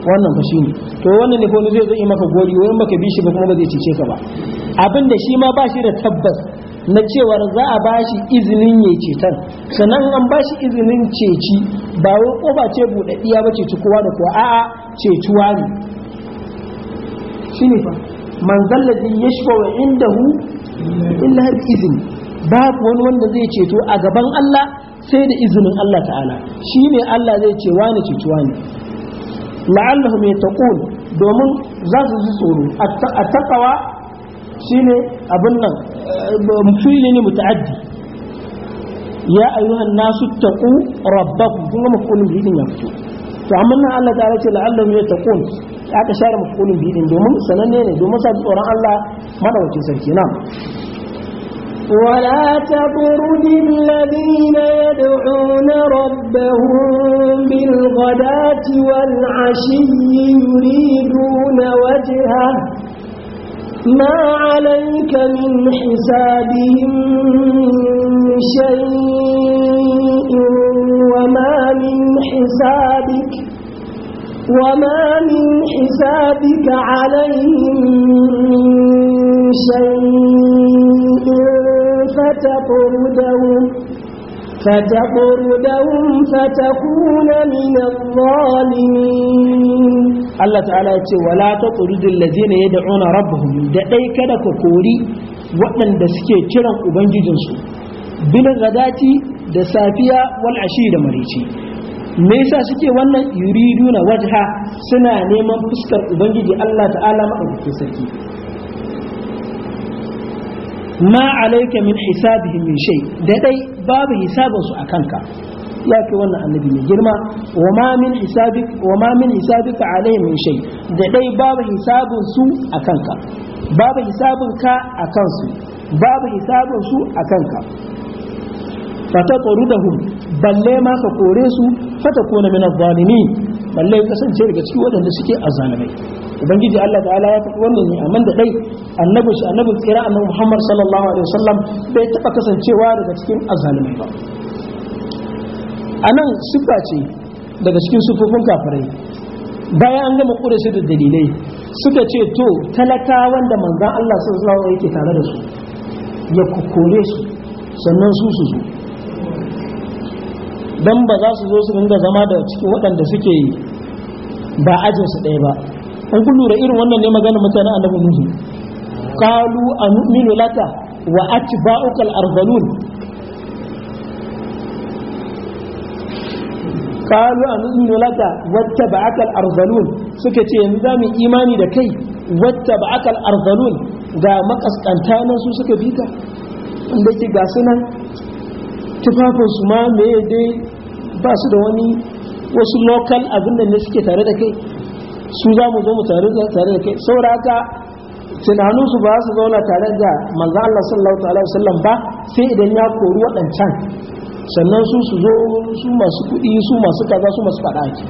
wannan fa shine to wannan ne wani zai zo yi maka gori wai maka bi ba kuma ba zai cice ka ba abin da shi ma ba shi da tabbas na cewar za a bashi izinin ya ceton sannan an bashi izinin ceci ba wai ba ce buɗaɗɗiya ba ceci kowa da kowa a'a cetuwa ne shine fa man zalladhi wa indahu illa bi izni babu wani wanda zai ceto a gaban Allah sai da izinin Allah ta'ala shi ne Allah zai ce wani cetuwa ne mai yattaqun domin za su ji tsoro a takawa shine abin nan eh, fili ne muta'addi ya ayyuhan nasu taqu rabbakum kun ga mafulun bidin ya fito to amma nan Allah ta ce la'allam ya taqun aka share mafulun bidin domin sananne ne domin sa tsoron Allah madawacin sarki na. ولا تطرد الذين يدعون ربهم بالغداة والعشي يريدون وجهه ما عليك من حسابهم من شيء وما من حسابك وما من حسابك عليهم من شيء دوم فتطردهم دوم فتكون من الظالمين الله تعالى يقول ولا تطرد الذين يدعون ربهم دعي كذا كوري وأن دسكي كرم أبنجي جنسو بالغداتي دسافيا والعشي دمريتي me yasa suke wannan yuriduna wajha suna neman fuskar ubangiji Allah ta'ala madaukakin sarki ma alayka min hisabihim min shay da dai babu hisabin su akanka ya ke wannan annabi mai girma wa ma min hisabik wa ma min hisabika alayhi min shay da dai babu hisabin su akanka babu hisabin ka akan su babu hisabin su akanka fata qarudahum balle ma ka kore su fata kona min az-zalimin balle kasance daga cikin waɗanda suke azzalimai ubangiji Allah ta'ala ya faɗi wannan ne amma da dai annabi shi annabi tsira annabi Muhammad sallallahu alaihi wasallam bai taba kasancewa daga cikin azalimi ba anan sifa ce daga cikin sufofin kafirai bayan an gama kure shi da dalilai suka ce to talaka wanda manzan Allah sallallahu alaihi yake tare da su ya kukkure su sannan su su zo dan ba za su zo su dinga zama da cikin waɗanda suke ba ajinsu ɗaya ba in kun lura irin wannan ne maganar mutane annabi nuhu qalu anu'minu laka wa atba'uka al-ardhalun qalu anu'minu laka wattaba'aka al arzalun suka ce yanzu za mu imani da kai wattaba'aka al arzalun ga makaskanta nan su suka bi ka inda ke ga sunan tufafin su ma me dai ba su da wani wasu local abin da ne suke tare da kai su za mu zo mu tare da tare da kai saboda haka tunanin su ba su zauna tare da manzo Allah sallallahu alaihi wasallam ba sai idan ya kori waɗancan sannan su su zo su masu kuɗi su masu kaza su masu fada ake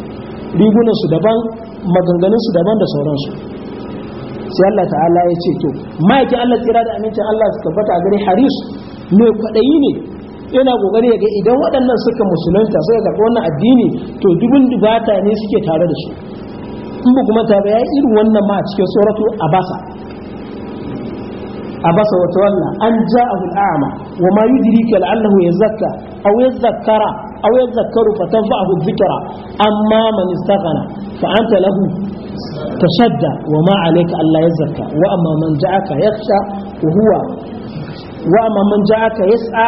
rigunan su daban maganganun su daban da sauransu sai Allah ta'ala ya ce to ma'aikin Allah tsira da amincin Allah su tabbata a gare Haris ne kwaɗayi ne yana kokari ya ga idan waɗannan suka musulunta suka karɓi wannan addini to dubin dubata ne suke tare da su in ba kuma ta ba yayi irin wannan ma a cikin suratu abasa abasa wa tawalla an ja'ahu al'ama wa ma yudrika la'allahu yazakka aw yazakkara aw yadhakkaru fatanfa'ahu dhikra amma man istaghna fa anta lahu tashadda wa ma alayka alla yazakka wa amma man ja'aka yakhsha wa huwa wa amma man ja'aka yas'a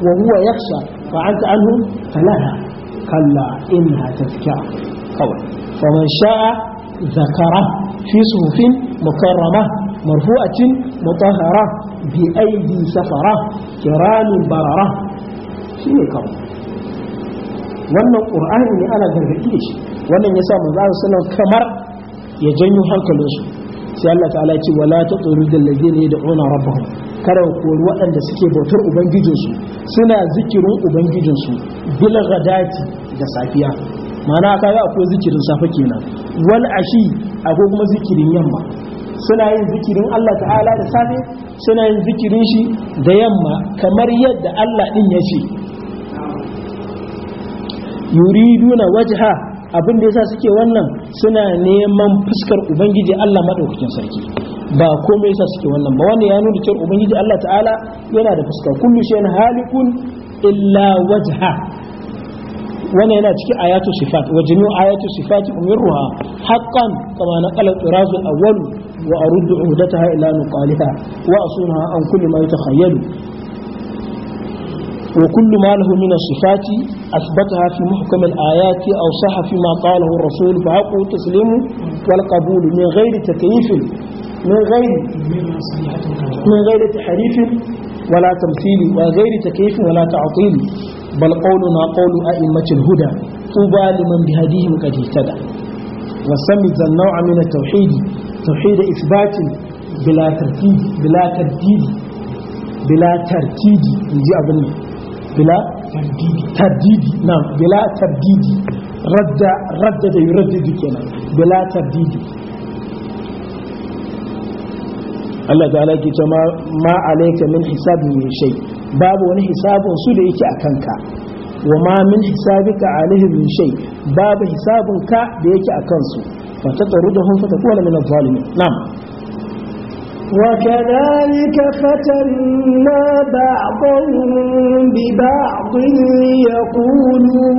wa huwa yakhsha fa anta anhu falaha kalla innaha tadhkira kawai faman sha'a zakara fi sufin mukarrama marfu'atin mutahara bi aidi safara kiramin barara shi wannan ƙur'ani ne ana gargaɗi da shi wannan ya sa manzo sallam kamar ya janyo hankalinsu sai Allah ta'ala ya ce wala taqrudul ladina yad'una rabbahum kada kori waɗanda suke bautar ubangijinsu suna zikirin ubangijinsu bil ghadati da safiya mana ka ga akwai zikirin safe kenan wal ashi akwai kuma zikirin yamma suna yin zikirin Allah ta'ala da safe suna yin zikirin shi da yamma kamar yadda Allah din ya ce yuriduna wajha abin da yasa suke wannan suna neman fuskar ubangiji Allah madaukakin sarki ba komai yasa suke wannan ba wannan ya nuna cewa ubangiji Allah ta'ala yana da fuska kullu shay'in halikun illa wajha wannan yana cikin ayatu sifat wa jami'u ayatu sifat umirruha haqqan kama naqala turazu awwal wa aruddu 'udataha ila nuqaliha wa asunha an kulli ma yatakhayyalu وكل ما له من الصفات أثبتها في محكم الآيات أو صح فيما قاله الرسول فحقه التسليم والقبول من غير تكييف من غير من غير تحريف ولا تمثيل وغير تكييف ولا تعطيل bal qawluna qawlu a'immatil huda tuba liman bihadihim qad ihtada wa samita an-naw'a min at-tauhid tauhid isbatin bila tartib bila tartib bila tartib inji abin bila tardidi na'am bila tardidi radda radda da yuraddidu kenan bila tardidi Allah ta'ala ke ce ma min babu wani hisabun su da yake a kanka wa ma min hisabika alaihim min shay babu hisabun ka da yake a kansu fa tatarudahum fa takuna min adh-dhalimin na'am وكذلك فتنا بعضهم ببعض yaqulu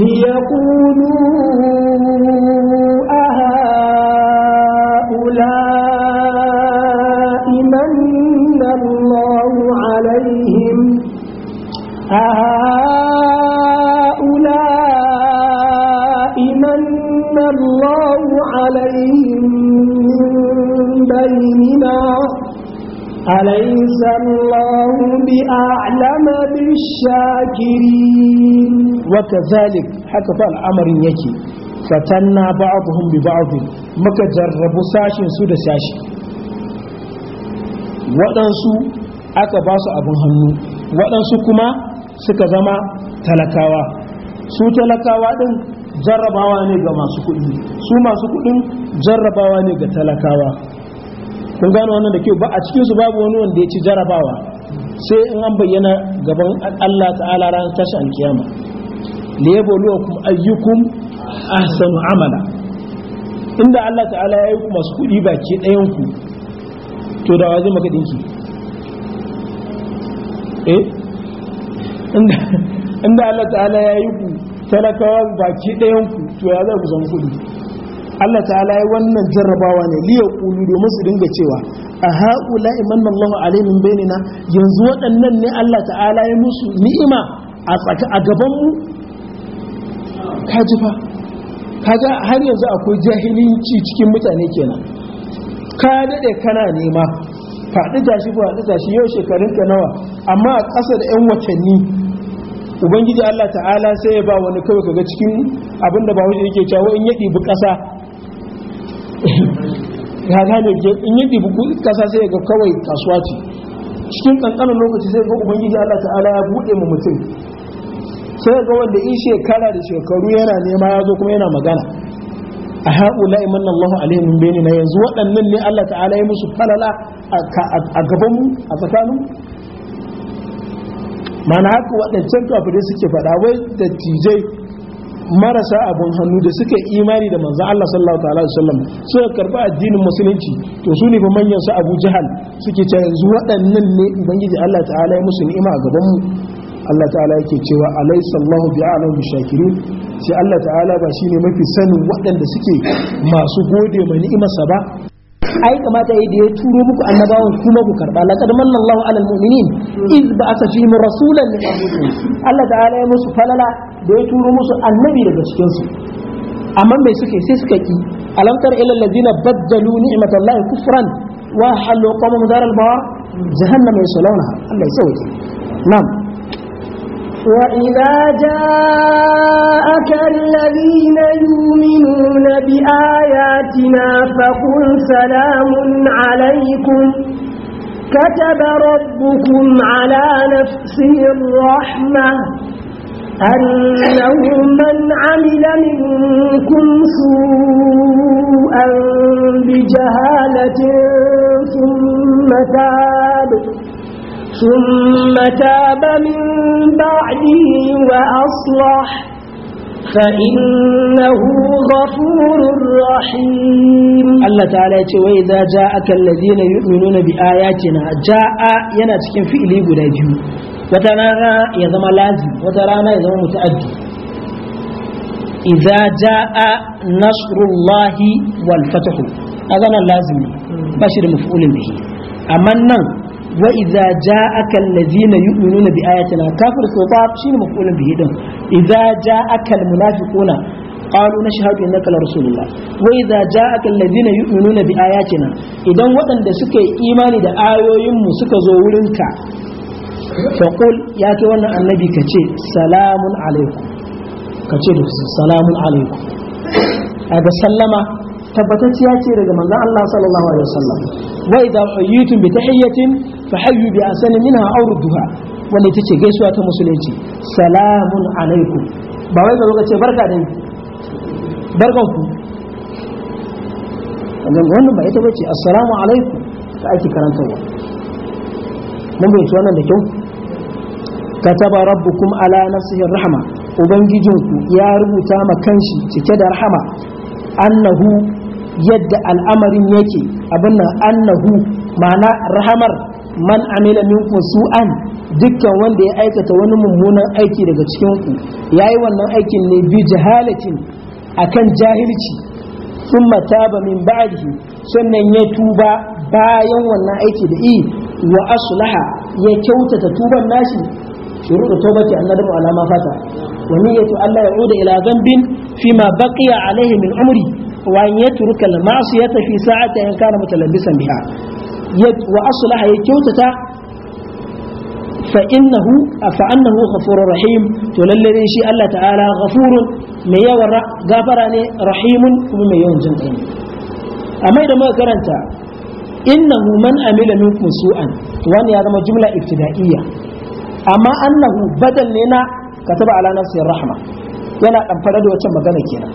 ليقولوا أهؤلاء أهؤلاء من الله عليهم من بيننا أليس الله بأعلم بالشاكرين وكذلك حتى الأمر يكي فتنا بعضهم ببعض مكجرب ساش سود ساش waɗansu aka ba su abin hannu waɗansu kuma suka zama talakawa su talakawa din jarrabawa ne ga masu kuɗi su masu kuɗin jarrabawa ne ga talakawa kun gano wannan da kyau ba a cikinsu babu wani wanda ya ci jarrabawa sai in an bayyana gaban Allah ta'ala ran tashi alkiyama liyabluwakum ayyukum ahsanu amala inda Allah ta'ala ya yi ku masu kuɗi baki ɗayan ku to da wa zai maka ɗinki. eh inda Allah ta'ala ya yi ku talakawa baki ɗayan ku to ya zai ku kudu Allah ta'ala ya wannan jarrabawa ne liya kulu domin su dinga cewa a haƙula imanna Allah alaimin benina yanzu waɗannan ne Allah ta'ala ya musu ni'ima a tsaka a gabanmu? ka ji fa kaga har yanzu akwai jahilinci cikin mutane kenan ka daɗe kana nema faɗi tashi faɗi tashi yau shekarun ka nawa amma a ƙasa da 'yan watanni ubangiji Allah ta'ala sai ya ba wani kawai kaga cikin abin da ba wuce yake cewa in yaɗi bu ƙasa ya gane in yaɗi bu ƙasa sai ya ga kawai kasuwa ce cikin ƙanƙanan lokaci sai ga ubangiji Allah ta'ala ya buɗe mu mutum sai ga wanda in shekara da shekaru yana nema ya zo kuma yana magana a haƙula imanna Allah alaihim na yanzu waɗannan ne Allah ta'ala ya musu falala a gabanmu a tsakanin mana haka waɗancan kafirai suke faɗa wai da tijai marasa abun hannu da suka imani da manzan Allah sallallahu ta'ala da sallam suka karɓi addinin musulunci to su ne fa manyan su abu jihal suke cewa yanzu waɗannan ne ubangiji Allah ta'ala ya musu ni'ima a gabanmu Allah ta'ala yake cewa alaysa Allahu bi'alam bishakirin sai Allah ta'ala ba shine mafi sanin waɗanda suke masu gode ma ni'imarsa ba ai kamata yi da ya turo muku annabawan kuma ku karba laqad manna Allahu alal mu'minin iz ba'atha fihim rasulan min anfusihim Allah ta'ala ya musu falala da ya turo musu annabi daga cikin su amma mai suke sai suka ki alam tar ila alladhina baddalu ni'matallahi kufran wa halu qawmun daral bawar jahannama yasalawnaha Allah ya sauke na'am وإذا جاءك الذين يؤمنون بآياتنا فقل سلام عليكم كتب ربكم على نفسه الرحمة أنه من عمل منكم سوءا بجهالة ثم تاب ثم تاب من بعده وأصلح فإنه غفور رحيم الله تعالى وإذا جاءك الذين يؤمنون بآياتنا جاء يناتك في إليه قداجه وترانا يزم لازم وترانا يزم متأدي إذا جاء نصر الله والفتح هذا لازم بشر مفعول به أما wa idza ja'aka allazina yu'minuna bi ayatina kafir sofab shine maf'ulun bihi din idza ja'aka almunafiquna qalu nashhadu innaka la rasulullah wa idza ja'aka allazina yu'minuna bi ayatina idan waɗanda suke imani da ayoyin mu suka zo wurinka faqul ya ke wannan annabi kace salamun alaikum kace da salamun alaikum a ga sallama tabbatacciya ce daga manzon Allah sallallahu alaihi wasallam wa idza hayyitum bi tahiyyatin fahayyu bi asani minha aw wanda ita ce gaisuwa ta musulunci salamun alaikum ba wai ka ce barka da barkan ku wannan ba ita bace assalamu alaikum ta ake karantawa mun bai wannan da kyau kataba rabbukum ala nafsihi rahma ubangijinku ya rubuta ma kanshi cike da rahama annahu yadda al'amarin yake abin nan annahu ma'ana rahamar man amila minkum su'an dukkan wanda ya aikata wani mummunan aiki daga cikin ku yayi wannan aikin ne bi jahalatin akan jahilci thumma taba min ba'dihi sannan ya tuba bayan wannan aiki da i, wa aslaha ya kyautata tuban nashi shuru da tobati annadamu alama fata wa niyyatu alla ya'uda ila dhanbin fima baqiya alayhi min umri wa an yatruka al-ma'siyata fi sa'ati kana mutalabbisan biha wa aslaha ya kyautata fa innahu fa annahu ghafurur rahim to lalle ne shi Allah ta'ala ghafurun mai yawan gafara ne rahimun kuma mai yawan jin kai amma idan muka karanta innahu man amila minkum su'an wani ya zama jumla ibtida'iyya amma annahu badal ne na kataba ala nafsi rahma yana dan da wacce magana kenan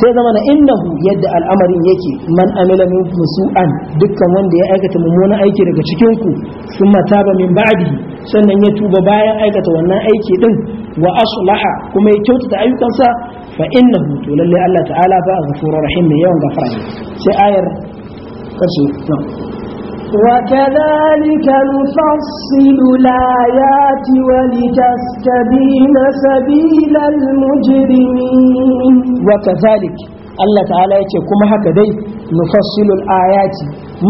sai zama na innahu yadda al'amarin yake man amila min musu'an dukkan wanda ya aikata mummunan aiki daga cikin ku sun mataba min ba'di sannan ya tuba bayan aikata wannan aiki din wa aslaha kuma ya kyautata ayyukansa fa innahu to lalle Allah ta'ala ba ghafurur rahim mai yawan gafara sai ayar karshe وكذلك نفصل الآيات ولتستبين سبيل المجرمين وكذلك الله تعالى يتكم هكذا نفصل الآيات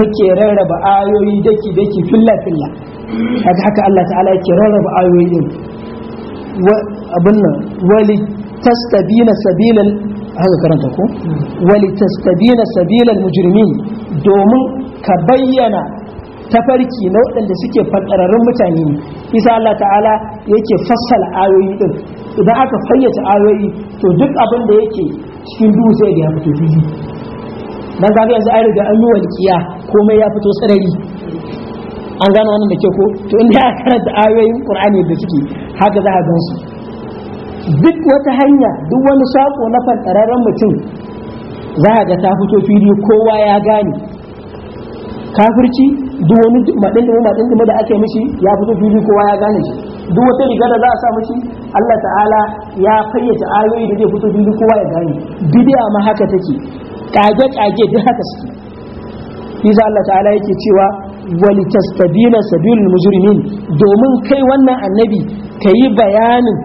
مكرر بآيوي دكي دكي في الله في الله هذا هكذا الله تعالى يكرر بآيوي أبنى ولتستبين سبيل haka karanta ko walitastabina sabilal mujrimin domin ka bayyana tafarki na waɗanda suke fadararrun mutane isa Allah ta'ala yake fassala ayoyi din idan aka fayyace ayoyi to duk abin da yake cikin duhu sai da ya fito fili dan ga yanzu an da an yi walƙiya komai ya fito sarari an gano wannan da ke ko to inda ya karanta ayoyin qur'ani da suke haka za a gansu duk wata hanya duk wani sako na fantararren mutum za a ga ta fito fili kowa ya gane kafirci duk wani maɗinɗimo maɗinɗimo da ake mishi ya fito fili kowa ya gane shi duk wata riga da za a sa mishi Allah ta'ala ya fayyace ayoyi da zai fito fili kowa ya gane bidiya ma haka take kage kage duk haka suke Isa Allah ta'ala yake cewa wali tastabina sabilul mujrimin domin kai wannan annabi kayi bayanin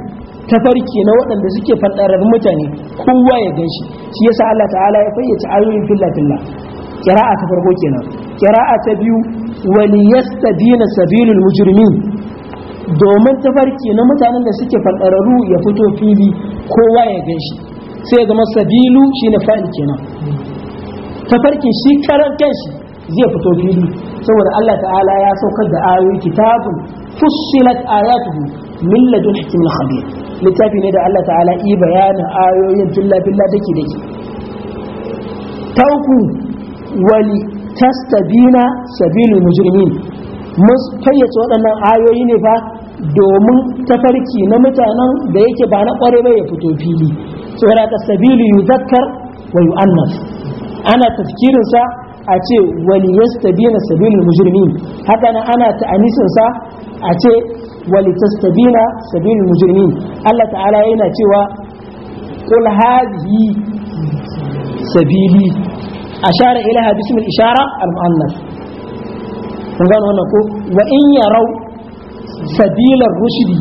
tafarki na waɗanda suke fadararrabin mutane kowa ya gan shi shi yasa Allah ta'ala ya fayyace ayoyin filla filla kira'a ta farko kenan kira'a ta biyu waliyastadina sabilul mujrimin domin tafarki na mutanen da suke faɗararru ya fito fili kowa ya gan shi sai ya zama sabilu shine fa'il kenan tafarkin shi karan kanshi zai fito fili saboda Allah ta'ala ya saukar da ayoyi kitabun fussilat ayatuhu min ladun hakimin khabir littafi ne da Allah ta'ala yi bayanin ayoyin filla-filla daki dake tauku wali tastabina sabilul mujrimin mun fayyace waɗannan ayoyi ne fa domin tafarki na mutanen da yake ba na ƙware ba ya fito fili saboda ka sabilu yuzakkar wa yu'annas ana tafkirinsa a ce wal yastabina sabilul mujrimin haka nan ana ta'anisin sa a ce wal tastabina sabilul mujrimin Allah ta'ala yana cewa qul hadhi sabili ashara ilaha bismil ishara al muannas kun gano wannan ko wa in yarau sabilar rushdi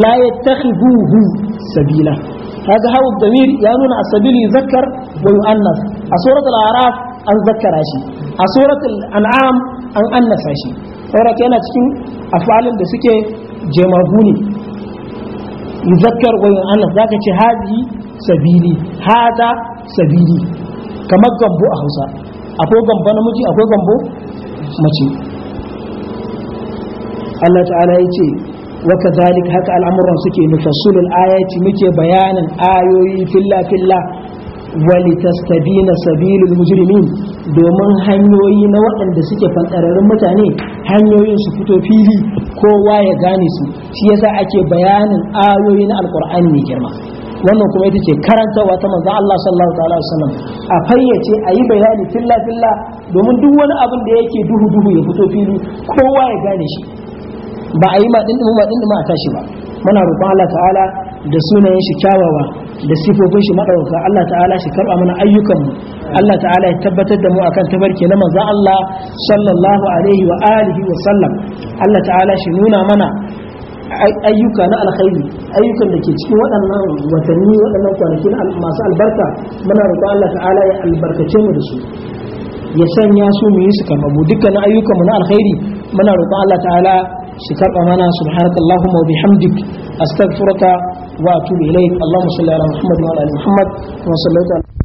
la yattakhiduhu sabila هذا هو الضمير يانون السبيل يذكر ويؤنث سورة الأعراف an zakkara shi a suratul an'am an annasa shi sauraka yana cikin afalin da suke jemagu ne yuzakkar wa yu'annas zaka ce hadi sabili hada sabili kamar gambo a Hausa akwai gambo namiji akwai gambo mace Allah ta'ala ya ce wa kadhalik haka al'amuran suke nufasulul ayati muke bayanin ayoyi filla filla walitastabina sabilul mujrimin domin hanyoyi na waɗanda suke fantararrun mutane hanyoyin su fito fili kowa ya gane su shi yasa ake bayanin ayoyi na alkur'ani ne girma wannan kuma ita ce karantawa ta manzo Allah sallallahu ta'ala wasallam a fayyace a yi bayani filla filla domin duk wani abin da yake duhu duhu ya fito fili kowa ya gane shi ba a yi ma dindima ma dindima a tashi ba muna roƙon Allah ta'ala da sunayen shi kyawawa da sifofin shi madauka Allah ta'ala shi karba mana ayyukan Allah ta'ala ya tabbatar da mu akan tabarke na manzon Allah sallallahu alaihi wa alihi wa sallam Allah ta'ala shi nuna mana ayyuka na alkhairi ayyukan da ke cikin waɗannan watanni waɗannan kwanaki masu albarka muna roƙon Allah ta'ala ya albarkace mu da su ya sanya su mu yi su karɓabu dukkanin ayyukanmu na alkhairi muna roƙon Allah ta'ala shi karɓa mana subhanakallahumma wa bihamdik astaghfiruka واتوب اليك اللهم صل على محمد وعلى ال محمد وصلى الله